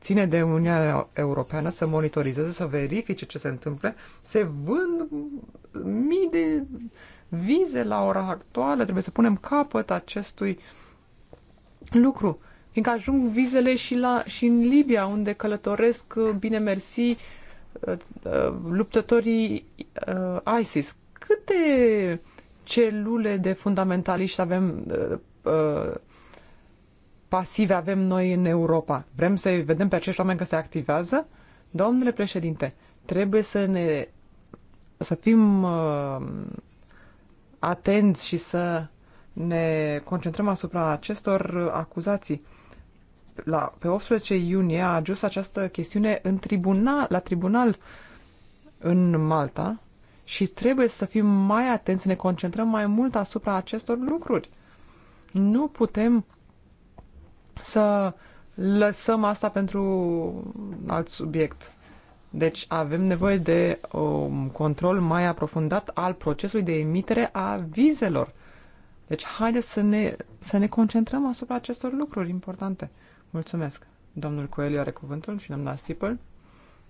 Ține de Uniunea Europeană să monitorizeze, să verifice ce se întâmplă. Se vând mii de vize la ora actuală, trebuie să punem capăt acestui lucru. Fiindcă ajung vizele și, la, și în Libia, unde călătoresc, uh, bine mersi, uh, uh, luptătorii ISIS. Câte celule de fundamentaliști avem pasive avem noi în Europa? Vrem să vedem pe acești oameni că se activează? Domnule președinte, trebuie să ne să fim uh, atenți și să ne concentrăm asupra acestor acuzații. La, pe 18 iunie a ajuns această chestiune în tribunal, la tribunal în Malta și trebuie să fim mai atenți, să ne concentrăm mai mult asupra acestor lucruri. Nu putem să lăsăm asta pentru alt subiect. Deci avem nevoie de un um, control mai aprofundat al procesului de emitere a vizelor. Deci haideți să ne, să ne concentrăm asupra acestor lucruri importante. Mulțumesc. Domnul Coelho are cuvântul și doamna Sipăl,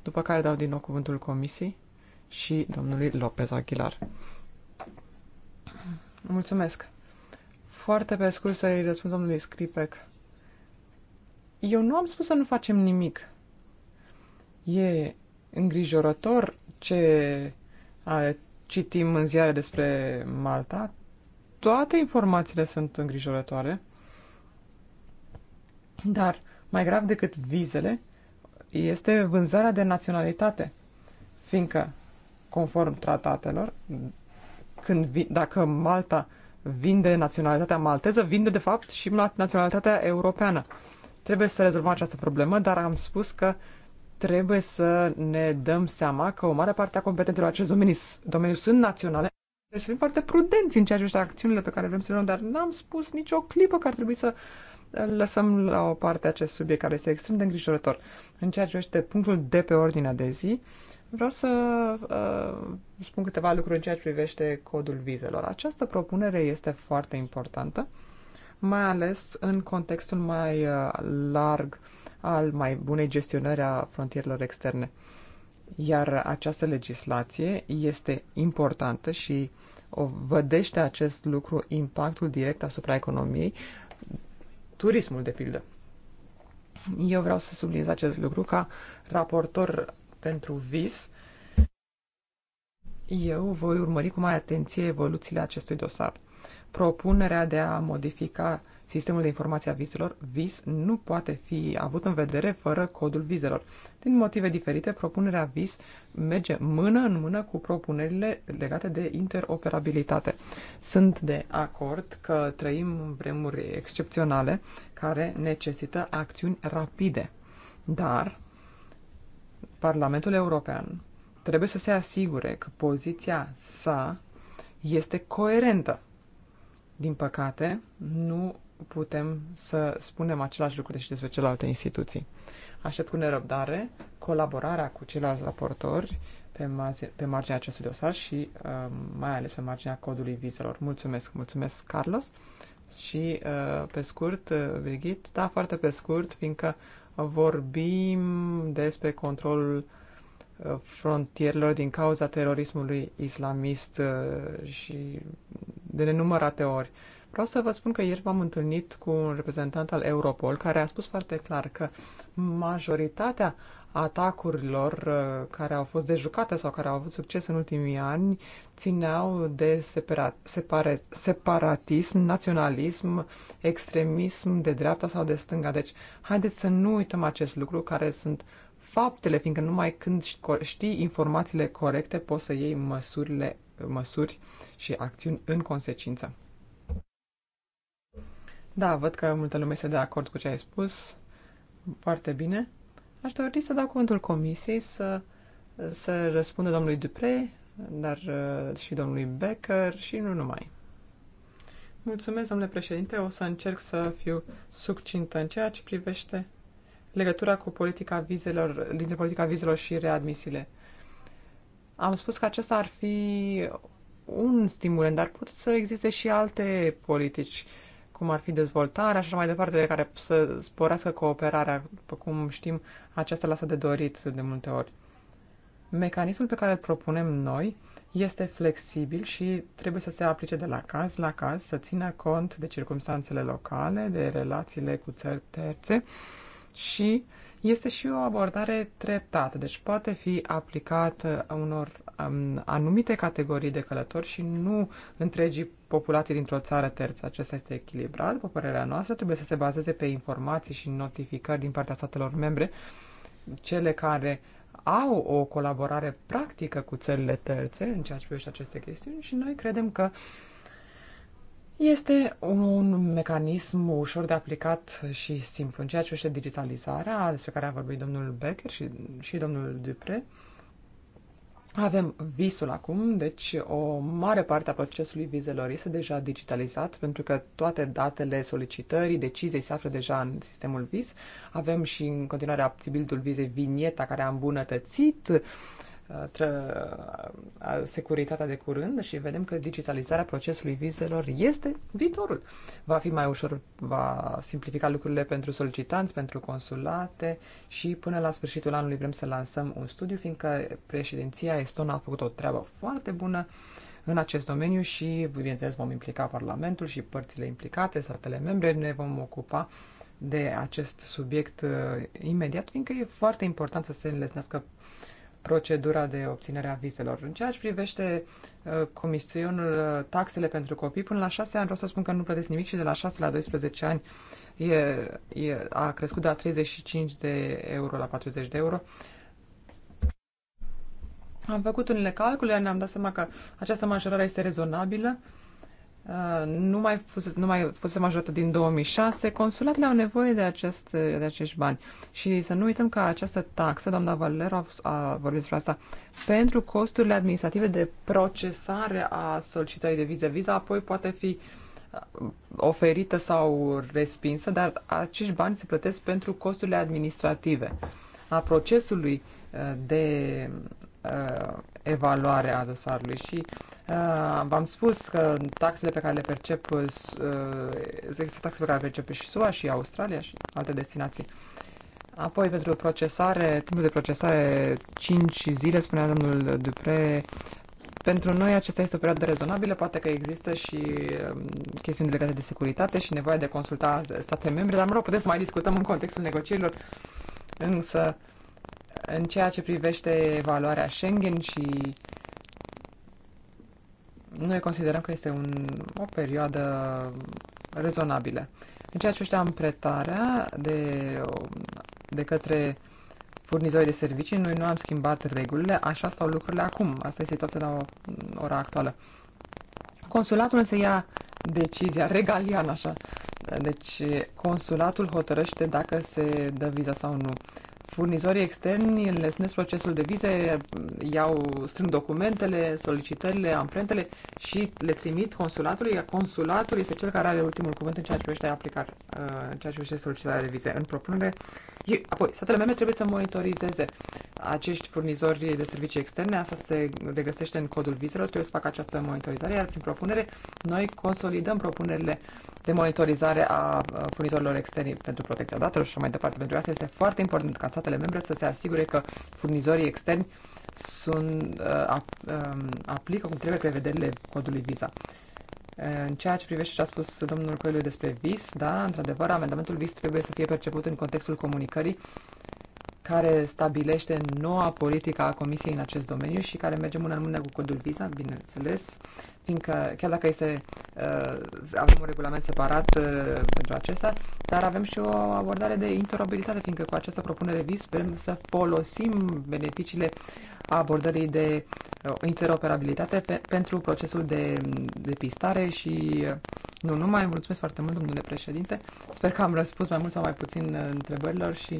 după care dau din nou cuvântul comisiei și domnului Lopez Aguilar. Mulțumesc. Foarte pe scurt să-i răspund domnului Scripec. Eu nu am spus să nu facem nimic. E îngrijorător ce citim în ziare despre Malta. Toate informațiile sunt îngrijorătoare, dar mai grav decât vizele este vânzarea de naționalitate, fiindcă, conform tratatelor, când vi- dacă Malta vinde naționalitatea malteză, vinde de fapt și naționalitatea europeană. Trebuie să rezolvăm această problemă, dar am spus că trebuie să ne dăm seama că o mare parte a competențelor acest domeniu, domeniu sunt naționale. Deci fim foarte prudenți în ceea ce acțiunile pe care vrem să le luăm, dar n-am spus nicio clipă că ar trebui să lăsăm la o parte acest subiect care este extrem de îngrijorător. În ceea ce este punctul de pe ordinea de zi, vreau să uh, spun câteva lucruri în ceea ce privește codul vizelor. Această propunere este foarte importantă, mai ales în contextul mai uh, larg uh, al mai bunei gestionări a frontierelor externe. Iar această legislație este importantă și o vădește acest lucru impactul direct asupra economiei, turismul de pildă. Eu vreau să subliniez acest lucru ca raportor pentru vis. Eu voi urmări cu mai atenție evoluțiile acestui dosar propunerea de a modifica sistemul de informație a vizelor, VIS, nu poate fi avut în vedere fără codul vizelor. Din motive diferite, propunerea VIS merge mână în mână cu propunerile legate de interoperabilitate. Sunt de acord că trăim vremuri excepționale care necesită acțiuni rapide, dar Parlamentul European trebuie să se asigure că poziția sa este coerentă din păcate, nu putem să spunem același lucru și despre celelalte instituții. Aștept cu nerăbdare colaborarea cu ceilalți raportori pe, marge, pe marginea acestui dosar și uh, mai ales pe marginea codului vizelor. Mulțumesc, mulțumesc, Carlos. Și uh, pe scurt, uh, Brigit, da, foarte pe scurt, fiindcă vorbim despre controlul frontierelor din cauza terorismului islamist uh, și de nenumărate ori. Vreau să vă spun că ieri m-am întâlnit cu un reprezentant al Europol care a spus foarte clar că majoritatea atacurilor uh, care au fost dejucate sau care au avut succes în ultimii ani țineau de separat, separe, separatism, naționalism, extremism de dreapta sau de stânga. Deci, haideți să nu uităm acest lucru, care sunt faptele, fiindcă numai când știi informațiile corecte poți să iei măsurile, măsuri și acțiuni în consecință. Da, văd că multă lume este de acord cu ce ai spus. Foarte bine. Aș dori să dau cuvântul comisiei să, să răspundă domnului Dupre, dar uh, și domnului Becker și nu numai. Mulțumesc, domnule președinte. O să încerc să fiu succintă în ceea ce privește legătura cu politica vizelor, dintre politica vizelor și readmisiile. Am spus că acesta ar fi un stimulant, dar pot să existe și alte politici, cum ar fi dezvoltarea și așa mai departe, de care să sporească cooperarea. După cum știm, aceasta lasă de dorit de multe ori. Mecanismul pe care îl propunem noi este flexibil și trebuie să se aplice de la caz la caz, să țină cont de circumstanțele locale, de relațiile cu țări terțe și este și o abordare treptată, deci poate fi aplicată uh, unor um, anumite categorii de călători și nu întregii populații dintr-o țară terță. Acesta este echilibrat, după părerea noastră, trebuie să se bazeze pe informații și notificări din partea statelor membre, cele care au o colaborare practică cu țările terțe în ceea ce privește aceste chestiuni și noi credem că uh, este un mecanism ușor de aplicat și simplu. În ceea ce privește digitalizarea, despre care a vorbit domnul Becker și, și domnul Dupre, avem visul acum, deci o mare parte a procesului vizelor este deja digitalizat pentru că toate datele solicitării, deciziei se află deja în sistemul vis. Avem și în continuare abțibildul vizei vinieta care a îmbunătățit uh, securitatea de curând și vedem că digitalizarea procesului vizelor este viitorul. Va fi mai ușor, va simplifica lucrurile pentru solicitanți, pentru consulate și până la sfârșitul anului vrem să lansăm un studiu, fiindcă președinția Estonă a făcut o treabă foarte bună în acest domeniu și, bineînțeles, vom implica Parlamentul și părțile implicate, statele membre, ne vom ocupa de acest subiect uh, imediat, fiindcă e foarte important să se înlesnească uh, procedura de obținere a vizelor. În ceea ce privește comisiunul uh, comisionul, uh, taxele pentru copii, până la 6 ani vreau să spun că nu plătesc nimic și de la 6 la 12 ani e, e, a crescut de la 35 de euro la 40 de euro. Am făcut unele calcule, ne-am dat seama că această majorare este rezonabilă. Uh, nu mai, fusese nu mai fusem ajutat din 2006, consulatele au nevoie de, acest, de acești bani. Și să nu uităm că această taxă, doamna Valero a, a vorbit despre asta, pentru costurile administrative de procesare a solicitării de viză, viza apoi poate fi uh, oferită sau respinsă, dar acești bani se plătesc pentru costurile administrative a procesului uh, de Uh, evaluare a dosarului și uh, v-am spus că taxele pe care le percep, uh, uh, există taxe pe care le percep și SUA și Australia și alte destinații. Apoi, pentru procesare, timpul de procesare 5 zile, spunea domnul Dupre, pentru noi acesta este o perioadă rezonabilă, poate că există și um, chestiuni legate de securitate și nevoia de a consulta state membre, dar mă rog, putem să mai discutăm în contextul negocierilor, însă în ceea ce privește evaluarea Schengen și noi considerăm că este un, o perioadă rezonabilă. În ceea ce știam pretarea de, de către furnizori de servicii, noi nu am schimbat regulile, așa stau lucrurile acum. Asta este situația la ora actuală. Consulatul însă ia decizia, regalian așa, deci consulatul hotărăște dacă se dă viza sau nu furnizorii externi înlesnesc procesul de vize, iau, strâng documentele, solicitările, amprentele și le trimit consulatului, iar consulatul este cel care are ultimul cuvânt în ceea ce privește aplicarea, uh, în ceea ce privește solicitarea de vize în propunere. Apoi, statele membre trebuie să monitorizeze acești furnizori de servicii externe, asta se regăsește în codul vizelor, trebuie să facă această monitorizare, iar prin propunere noi consolidăm propunerile de monitorizare a furnizorilor externi pentru protecția datelor și așa mai departe. Pentru asta este foarte important ca statele membre să se asigure că furnizorii externi sunt, uh, um, aplică cum trebuie prevederile codului Visa. Uh, în ceea ce privește ce a spus domnul Coeliu despre VIS, da, într-adevăr, amendamentul VIS trebuie să fie perceput în contextul comunicării care stabilește noua politică a Comisiei în acest domeniu și care merge mână în mână cu codul Visa, bineînțeles, fiindcă chiar dacă este, uh, avem un regulament separat uh, pentru acesta, dar avem și o abordare de interoperabilitate, fiindcă cu această propunere VIS sperăm să folosim beneficiile abordării de uh, interoperabilitate pe, pentru procesul de depistare și nu numai. Mulțumesc foarte mult, domnule președinte. Sper că am răspuns mai mult sau mai puțin întrebărilor și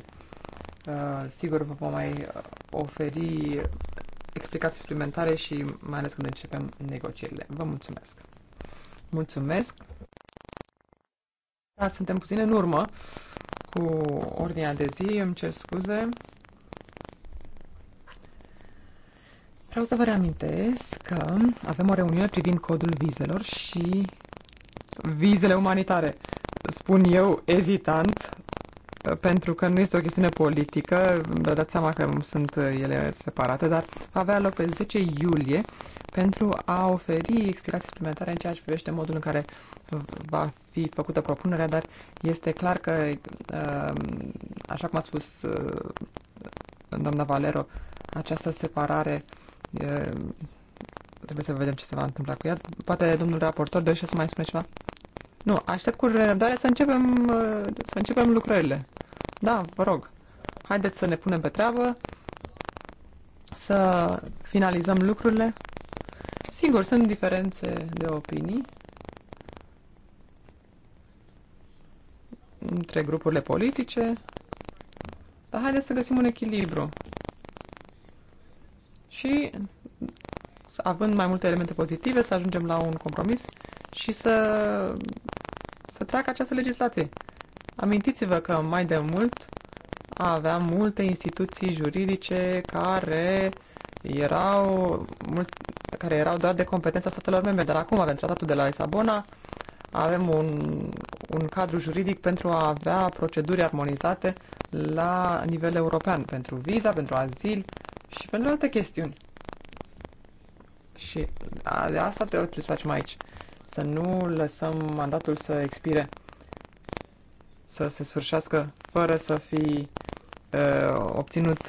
uh, sigur vă vom mai oferi explicații suplimentare și mai ales când începem negocierile. Vă mulțumesc! Mulțumesc! Da, suntem puțin în urmă cu ordinea de zi, îmi cer scuze. Vreau să vă reamintesc că avem o reuniune privind codul vizelor și vizele umanitare. Spun eu ezitant, pentru că nu este o chestiune politică, vă dați seama că sunt ele separate, dar va avea loc pe 10 iulie pentru a oferi explicații suplimentare în ceea ce privește modul în care va fi făcută propunerea, dar este clar că, uh, așa cum a spus uh, doamna Valero, această separare uh, trebuie să vedem ce se va întâmpla cu ea. Poate domnul raportor dorește să mai spune ceva? Nu, aștept cu răbdare să începem, să începem lucrările. Da, vă rog, haideți să ne punem pe treabă, să finalizăm lucrurile. Sigur, sunt diferențe de opinii între grupurile politice, dar haideți să găsim un echilibru. Și, având mai multe elemente pozitive, să ajungem la un compromis și să, să treacă această legislație. Amintiți-vă că mai de mult avea multe instituții juridice care erau, mult, care erau doar de competența statelor membre, dar acum avem tratatul de la Lisabona, avem un, un cadru juridic pentru a avea proceduri armonizate la nivel european, pentru viza, pentru azil și pentru alte chestiuni. Și de asta trebuie să facem aici, să nu lăsăm mandatul să expire să se sfârșească fără să fi uh, obținut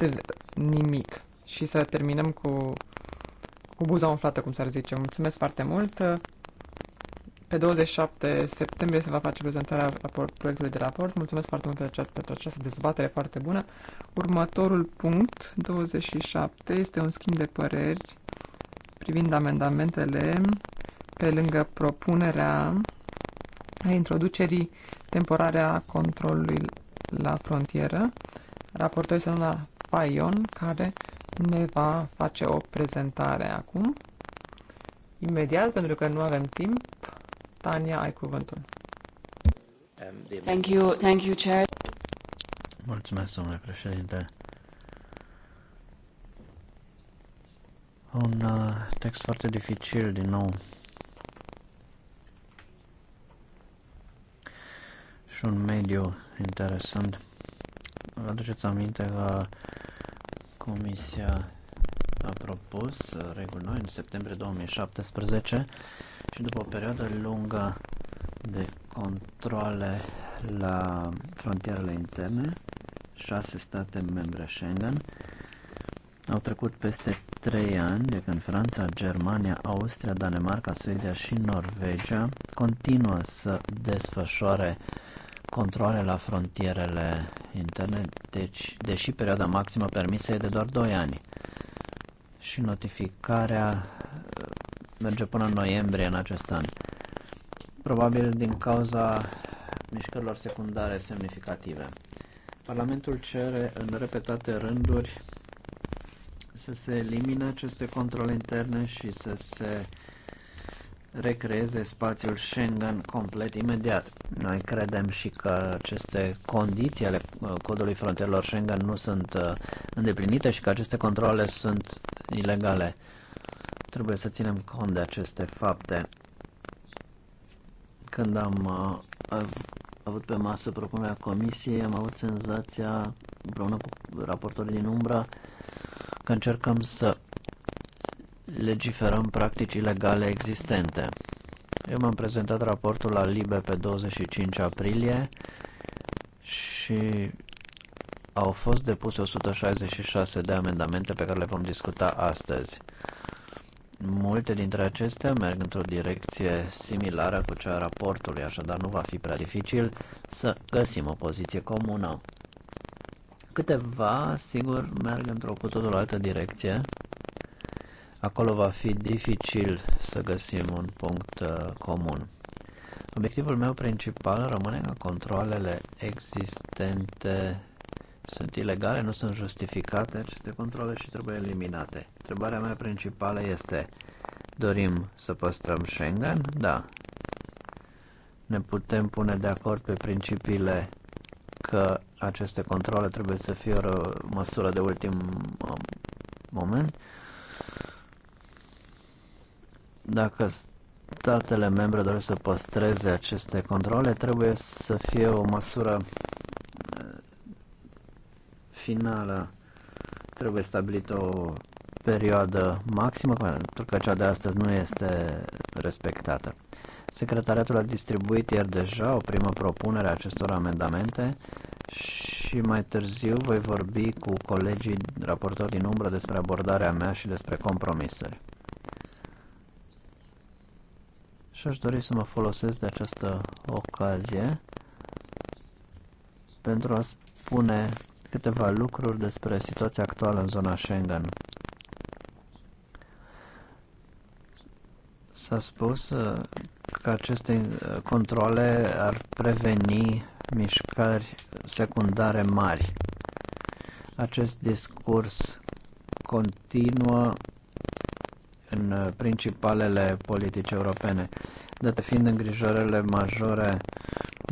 nimic și să terminăm cu, cu buza umflată, cum s-ar zice. Mulțumesc foarte mult! Pe 27 septembrie se va face prezentarea raport, proiectului de raport. Mulțumesc foarte mult pentru, acea, pentru această dezbatere foarte bună. Următorul punct, 27, este un schimb de păreri privind amendamentele pe lângă propunerea a introducerii temporarea controlului la frontieră. Raportul este la Fayon, care ne va face o prezentare acum. Imediat, pentru că nu avem timp, Tania, ai cuvântul. Thank you, thank you, Chair. Mulțumesc, domnule președinte. Un uh, text foarte dificil, din nou. și un mediu interesant. Vă aduceți aminte că Comisia a propus reguli noi în septembrie 2017 și după o perioadă lungă de controle la frontierele interne, șase state membre Schengen, au trecut peste 3 ani de când Franța, Germania, Austria, Danemarca, Suedia și Norvegia continuă să desfășoare controale la frontierele interne, deci, deși perioada maximă permisă e de doar 2 ani. Și notificarea uh, merge până în noiembrie în acest an. Probabil din cauza mișcărilor secundare semnificative. Parlamentul cere în repetate rânduri să se elimine aceste controle interne și să se recreeze spațiul Schengen complet imediat. Noi credem și că aceste condiții ale uh, codului frontierelor Schengen nu sunt uh, îndeplinite și că aceste controle sunt ilegale. Trebuie să ținem cont de aceste fapte. Când am uh, avut pe masă propunerea comisiei, am avut senzația, împreună cu raportorii din umbră, că încercăm să legiferăm practici ilegale existente. Eu m am prezentat raportul la LIBE pe 25 aprilie și au fost depuse 166 de amendamente pe care le vom discuta astăzi. Multe dintre acestea merg într-o direcție similară cu cea a raportului, așadar nu va fi prea dificil să găsim o poziție comună. Câteva, sigur, merg într-o cu totul altă direcție, Acolo va fi dificil să găsim un punct uh, comun. Obiectivul meu principal rămâne că controlele existente sunt ilegale, nu sunt justificate aceste controle și trebuie eliminate. Întrebarea mea principală este, dorim să păstrăm Schengen? Da. Ne putem pune de acord pe principiile că aceste controle trebuie să fie o măsură de ultim um, moment? Dacă statele membre doresc să păstreze aceste controle, trebuie să fie o măsură eh, finală. Trebuie stabilită o perioadă maximă, pentru că cea de astăzi nu este respectată. Secretariatul a distribuit ieri deja o primă propunere a acestor amendamente și mai târziu voi vorbi cu colegii raportori din umbră despre abordarea mea și despre compromisuri și aș dori să mă folosesc de această ocazie pentru a spune câteva lucruri despre situația actuală în zona Schengen. S-a spus uh, că aceste uh, controle ar preveni mișcări secundare mari. Acest discurs continuă în uh, principalele politici europene, date fiind îngrijorările majore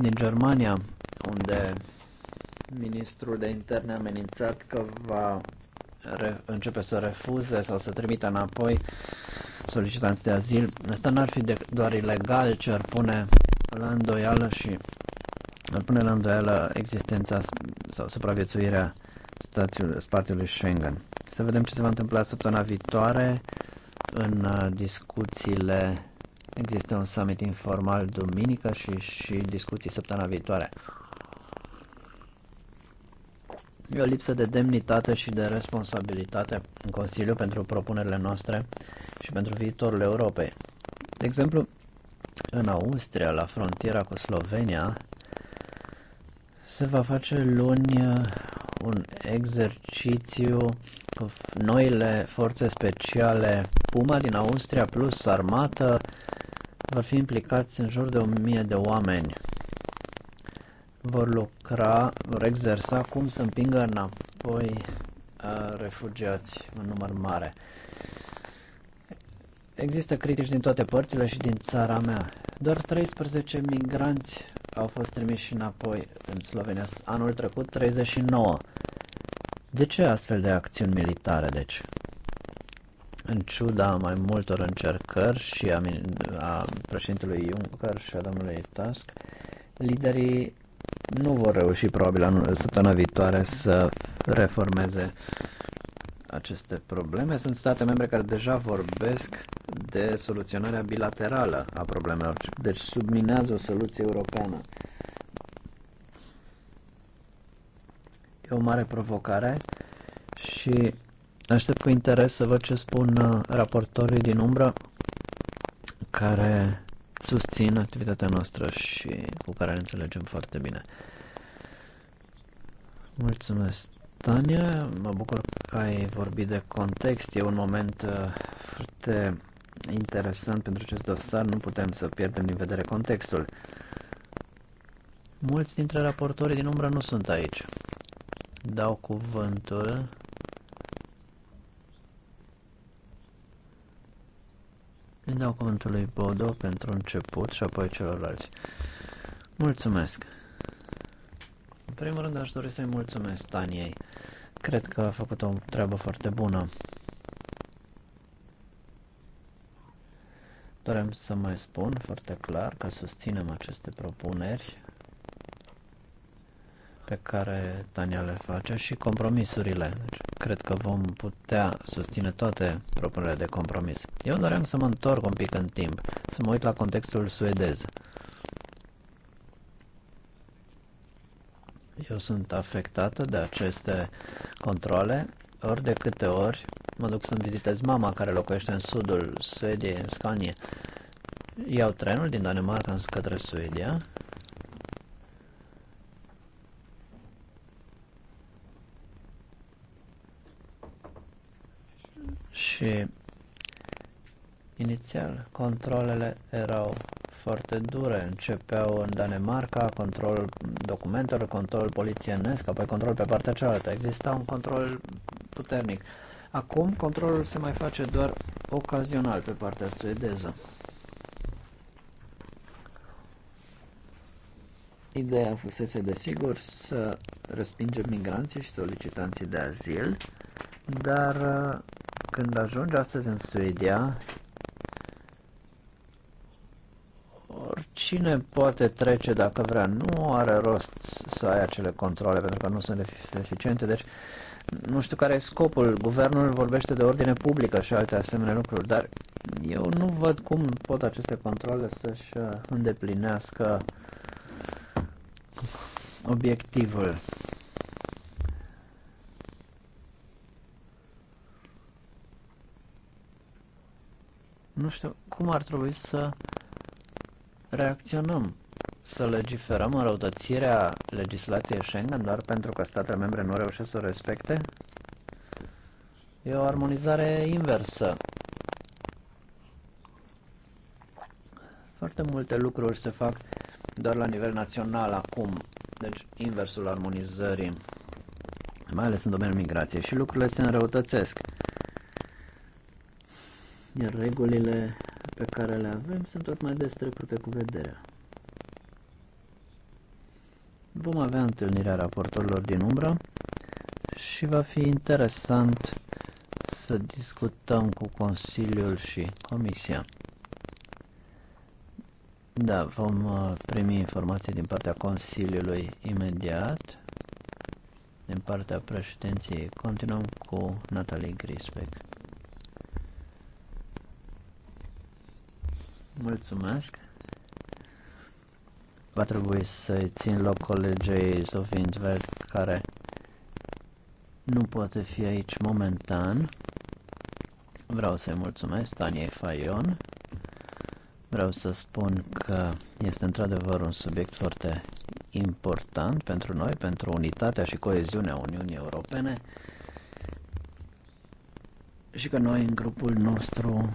din Germania, unde ministrul de interne a amenințat că va începe să refuze sau să trimită înapoi solicitanți de azil. Asta n-ar fi de- doar ilegal, ci ar pune la îndoială și ar pune la îndoială existența sau supraviețuirea spațiului Schengen. Să vedem ce se va întâmpla săptămâna viitoare în uh, discuțiile, există un summit informal duminică și, și discuții săptămâna viitoare. E o lipsă de demnitate și de responsabilitate în Consiliu pentru propunerile noastre și pentru viitorul Europei. De exemplu, în Austria, la frontiera cu Slovenia, se va face luni uh, un exercițiu noile forțe speciale Puma din Austria plus armată vor fi implicați în jur de 1000 de oameni. Vor lucra, vor exersa cum să împingă înapoi uh, refugiați în număr mare. Există critici din toate părțile și din țara mea. Doar 13 migranți au fost trimiși înapoi în Slovenia. Anul trecut 39. De ce astfel de acțiuni militare, deci? În ciuda mai multor încercări și a, a președintelui Juncker și a domnului Tusk, liderii nu vor reuși probabil anul, săptămâna viitoare să reformeze aceste probleme. Sunt state membre care deja vorbesc de soluționarea bilaterală a problemelor, deci subminează o soluție europeană. e o mare provocare și aștept cu interes să văd ce spun uh, raportorii din umbră care susțin activitatea noastră și cu care ne înțelegem foarte bine. Mulțumesc, Tania. Mă bucur că ai vorbit de context. E un moment uh, foarte interesant pentru acest dosar. Nu putem să pierdem din vedere contextul. Mulți dintre raportorii din umbră nu sunt aici dau cuvântul îi dau cuvântul lui Bodo pentru început și apoi celorlalți. Mulțumesc! În primul rând aș dori să-i mulțumesc Taniei. Cred că a făcut o treabă foarte bună. Dorem să mai spun foarte clar că susținem aceste propuneri pe care Tania le face și compromisurile. Deci, cred că vom putea susține toate propunerile de compromis. Eu doream să mă întorc un pic în timp, să mă uit la contextul suedez. Eu sunt afectată de aceste controle ori de câte ori mă duc să-mi vizitez mama care locuiește în sudul Suediei, în Scanie. Iau trenul din Danemarca către Suedia Și inițial controlele erau foarte dure. Începeau în Danemarca controlul documentelor, controlul polițienesc, apoi control pe partea cealaltă. Exista un control puternic. Acum controlul se mai face doar ocazional pe partea suedeză. Ideea fusese, desigur, să respingem migranții și solicitanții de azil, dar când ajungi astăzi în Suedia, oricine poate trece dacă vrea. Nu are rost să ai acele controle pentru că nu sunt eficiente. Deci nu știu care e scopul. Guvernul vorbește de ordine publică și alte asemenea lucruri, dar eu nu văd cum pot aceste controle să-și uh, îndeplinească obiectivul. Nu știu cum ar trebui să reacționăm, să legiferăm înrăutățirea legislației Schengen doar pentru că statele membre nu reușesc să o respecte? E o armonizare inversă. Foarte multe lucruri se fac doar la nivel național acum, deci inversul armonizării, mai ales în domeniul migrației și lucrurile se înrăutățesc iar regulile pe care le avem sunt tot mai des trecute cu vederea. Vom avea întâlnirea raportorilor din umbră și va fi interesant să discutăm cu Consiliul și Comisia. Da, vom uh, primi informații din partea Consiliului imediat, din partea președinției. Continuăm cu Natalie Grisbeck. Mulțumesc. Va trebui să-i țin loc colegei Sofie Intvert, care nu poate fi aici momentan. Vreau să-i mulțumesc Taniei Faion. Vreau să spun că este într-adevăr un subiect foarte important pentru noi, pentru unitatea și coeziunea Uniunii Europene și că noi în grupul nostru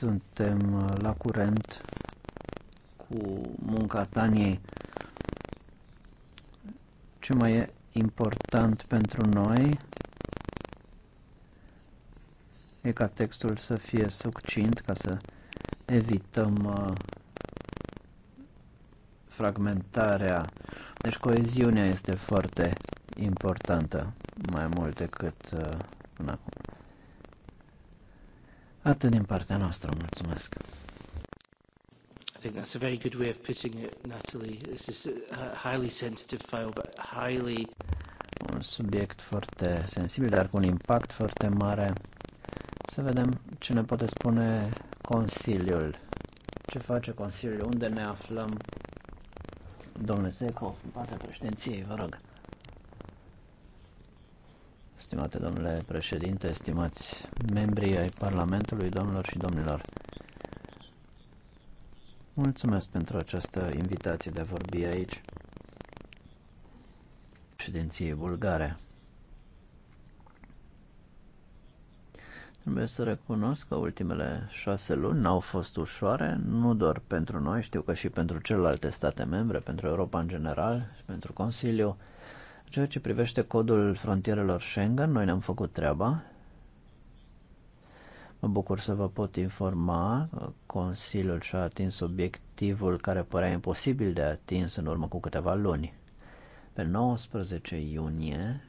suntem uh, la curent cu munca Daniei. Ce mai e important pentru noi e ca textul să fie succint, ca să evităm uh, fragmentarea. Deci coeziunea este foarte importantă, mai mult decât uh, până acum. Atât din partea noastră, mulțumesc. I think that's a very good way of putting it, Natalie. This is a highly sensitive file, but highly... Un subiect foarte sensibil, dar cu un impact foarte mare. Să vedem ce ne poate spune Consiliul. Ce face Consiliul? Unde ne aflăm? Domnule Secov, în partea președinției, vă rog. Stimate domnule președinte, stimați membri ai Parlamentului, domnilor și domnilor, mulțumesc pentru această invitație de a vorbi aici președinției bulgare. Trebuie să recunosc că ultimele șase luni n-au fost ușoare, nu doar pentru noi, știu că și pentru celelalte state membre, pentru Europa în general, pentru Consiliu ceea ce privește codul frontierelor Schengen, noi ne-am făcut treaba. Mă bucur să vă pot informa că Consiliul și-a atins obiectivul care părea imposibil de atins în urmă cu câteva luni. Pe 19 iunie,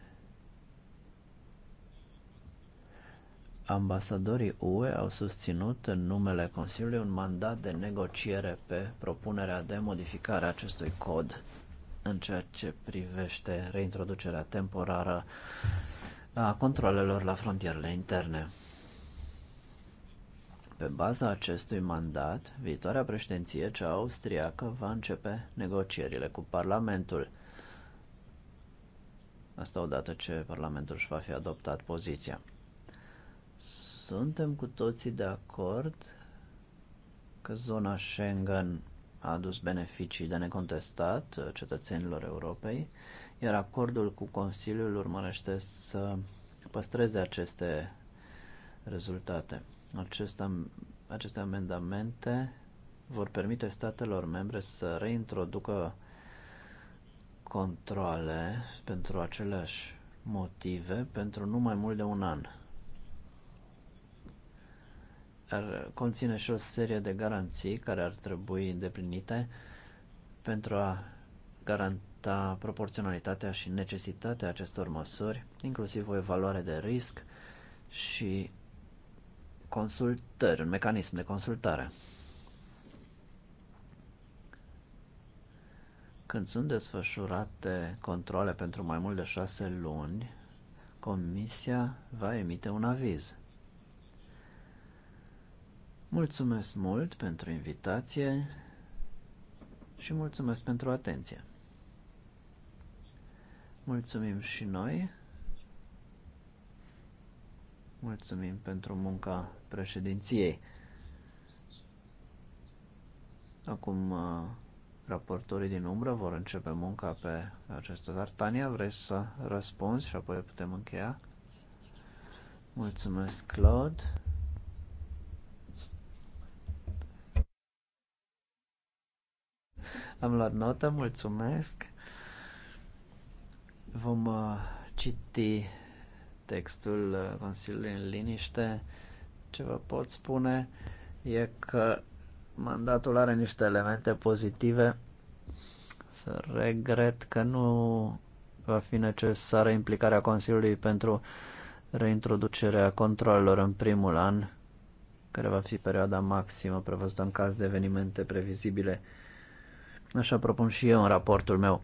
ambasadorii UE au susținut în numele Consiliului un mandat de negociere pe propunerea de modificare a acestui cod în ceea ce privește reintroducerea temporară a controlelor la frontierele interne. Pe baza acestui mandat, viitoarea președinție cea austriacă va începe negocierile cu Parlamentul. Asta odată ce Parlamentul își va fi adoptat poziția. Suntem cu toții de acord că zona Schengen a adus beneficii de necontestat uh, cetățenilor Europei, iar acordul cu Consiliul urmărește să păstreze aceste rezultate. Acest am, aceste amendamente vor permite statelor membre să reintroducă controle pentru aceleași motive pentru nu mai mult de un an ar conține și o serie de garanții care ar trebui îndeplinite pentru a garanta proporționalitatea și necesitatea acestor măsuri, inclusiv o evaluare de risc și consultări, un mecanism de consultare. Când sunt desfășurate controle pentru mai mult de șase luni, Comisia va emite un aviz. Mulțumesc mult pentru invitație și mulțumesc pentru atenție. Mulțumim și noi. Mulțumim pentru munca președinției. Acum uh, raportorii din umbră vor începe munca pe acest dosar. Tania, vrei să răspunzi și apoi putem încheia? Mulțumesc, Claude. Am luat notă, mulțumesc. Vom uh, citi textul uh, Consiliului în liniște. Ce vă pot spune e că mandatul are niște elemente pozitive. Să regret că nu va fi necesară implicarea Consiliului pentru reintroducerea controlelor în primul an, care va fi perioada maximă prevăzută în caz de evenimente previzibile. Așa propun și eu în raportul meu.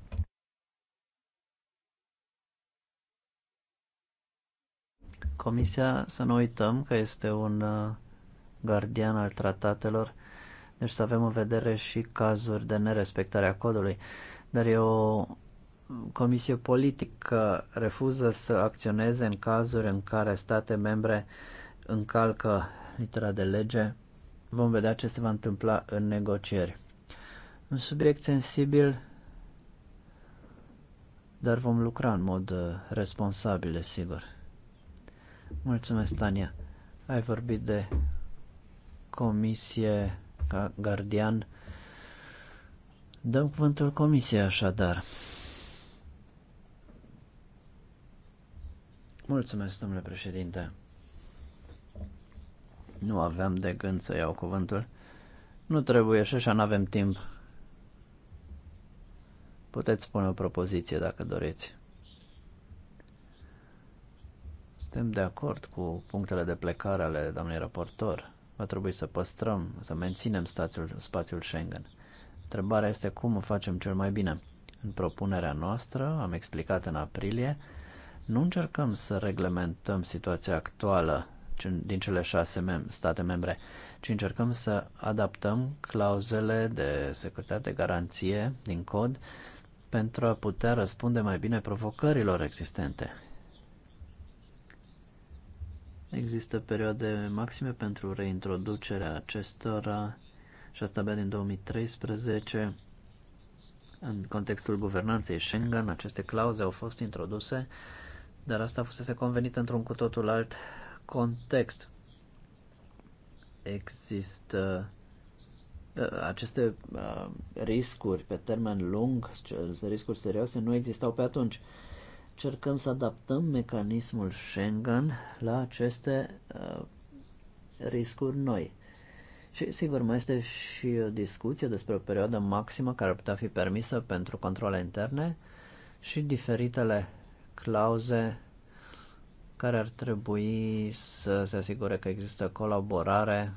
Comisia, să nu uităm că este un uh, gardian al tratatelor, deci să avem în vedere și cazuri de nerespectare a codului. Dar e o comisie politică, refuză să acționeze în cazuri în care state membre încalcă litera de lege. Vom vedea ce se va întâmpla în negocieri un subiect sensibil, dar vom lucra în mod uh, responsabil, sigur. Mulțumesc, Tania. Ai vorbit de comisie ca gardian. Dăm cuvântul comisiei așadar. Mulțumesc, domnule președinte. Nu aveam de gând să iau cuvântul. Nu trebuie și așa nu avem timp Puteți pune o propoziție dacă doriți. Suntem de acord cu punctele de plecare ale doamnei raportor. Va trebui să păstrăm, să menținem stațiul, spațiul Schengen. Întrebarea este cum o facem cel mai bine. În propunerea noastră, am explicat în aprilie, nu încercăm să reglementăm situația actuală din cele șase mem- state membre, ci încercăm să adaptăm clauzele de securitate, de garanție din cod pentru a putea răspunde mai bine provocărilor existente. Există perioade maxime pentru reintroducerea acestora și asta abia din 2013. În contextul guvernanței Schengen, aceste clauze au fost introduse, dar asta fusese convenit într-un cu totul alt context. Există aceste uh, riscuri pe termen lung, riscuri serioase, nu existau pe atunci. Cercăm să adaptăm mecanismul Schengen la aceste uh, riscuri noi. Și sigur, mai este și o discuție despre o perioadă maximă care ar putea fi permisă pentru controle interne și diferitele clauze care ar trebui să se asigure că există colaborare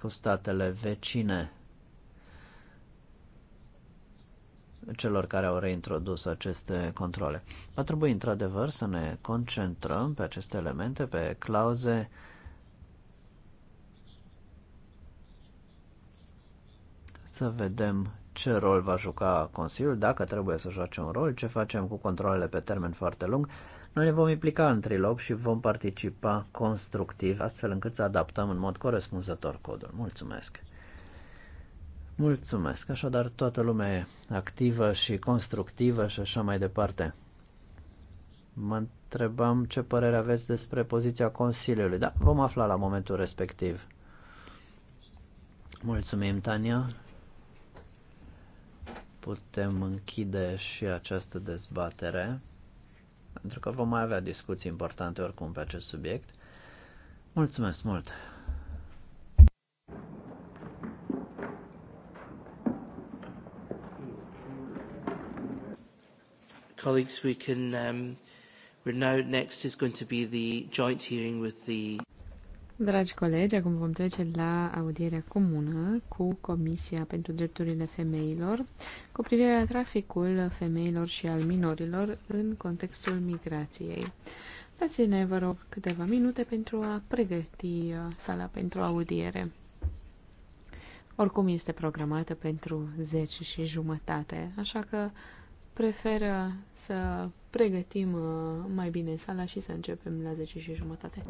cu statele vecine celor care au reintrodus aceste controle. Va trebui într-adevăr să ne concentrăm pe aceste elemente, pe clauze să vedem ce rol va juca Consiliul, dacă trebuie să joace un rol, ce facem cu controlele pe termen foarte lung. Noi ne vom implica în trilog și vom participa constructiv, astfel încât să adaptăm în mod corespunzător codul. Mulțumesc! Mulțumesc, așadar toată lumea e activă și constructivă și așa mai departe. Mă întrebam ce părere aveți despre poziția Consiliului, dar vom afla la momentul respectiv. Mulțumim, Tania. Putem închide și această dezbatere, pentru că vom mai avea discuții importante oricum pe acest subiect. Mulțumesc mult! Colleagues, we can, um, we're now, next is going to be the joint hearing with the... Dragi colegi, acum vom trece la audierea comună cu Comisia pentru Drepturile Femeilor cu privire la traficul femeilor și al minorilor în contextul migrației. Dați-ne, vă rog, câteva minute pentru a pregăti uh, sala pentru audiere. Oricum este programată pentru 10 și jumătate, așa că preferă să pregătim uh, mai bine sala și să începem la 10 și jumătate.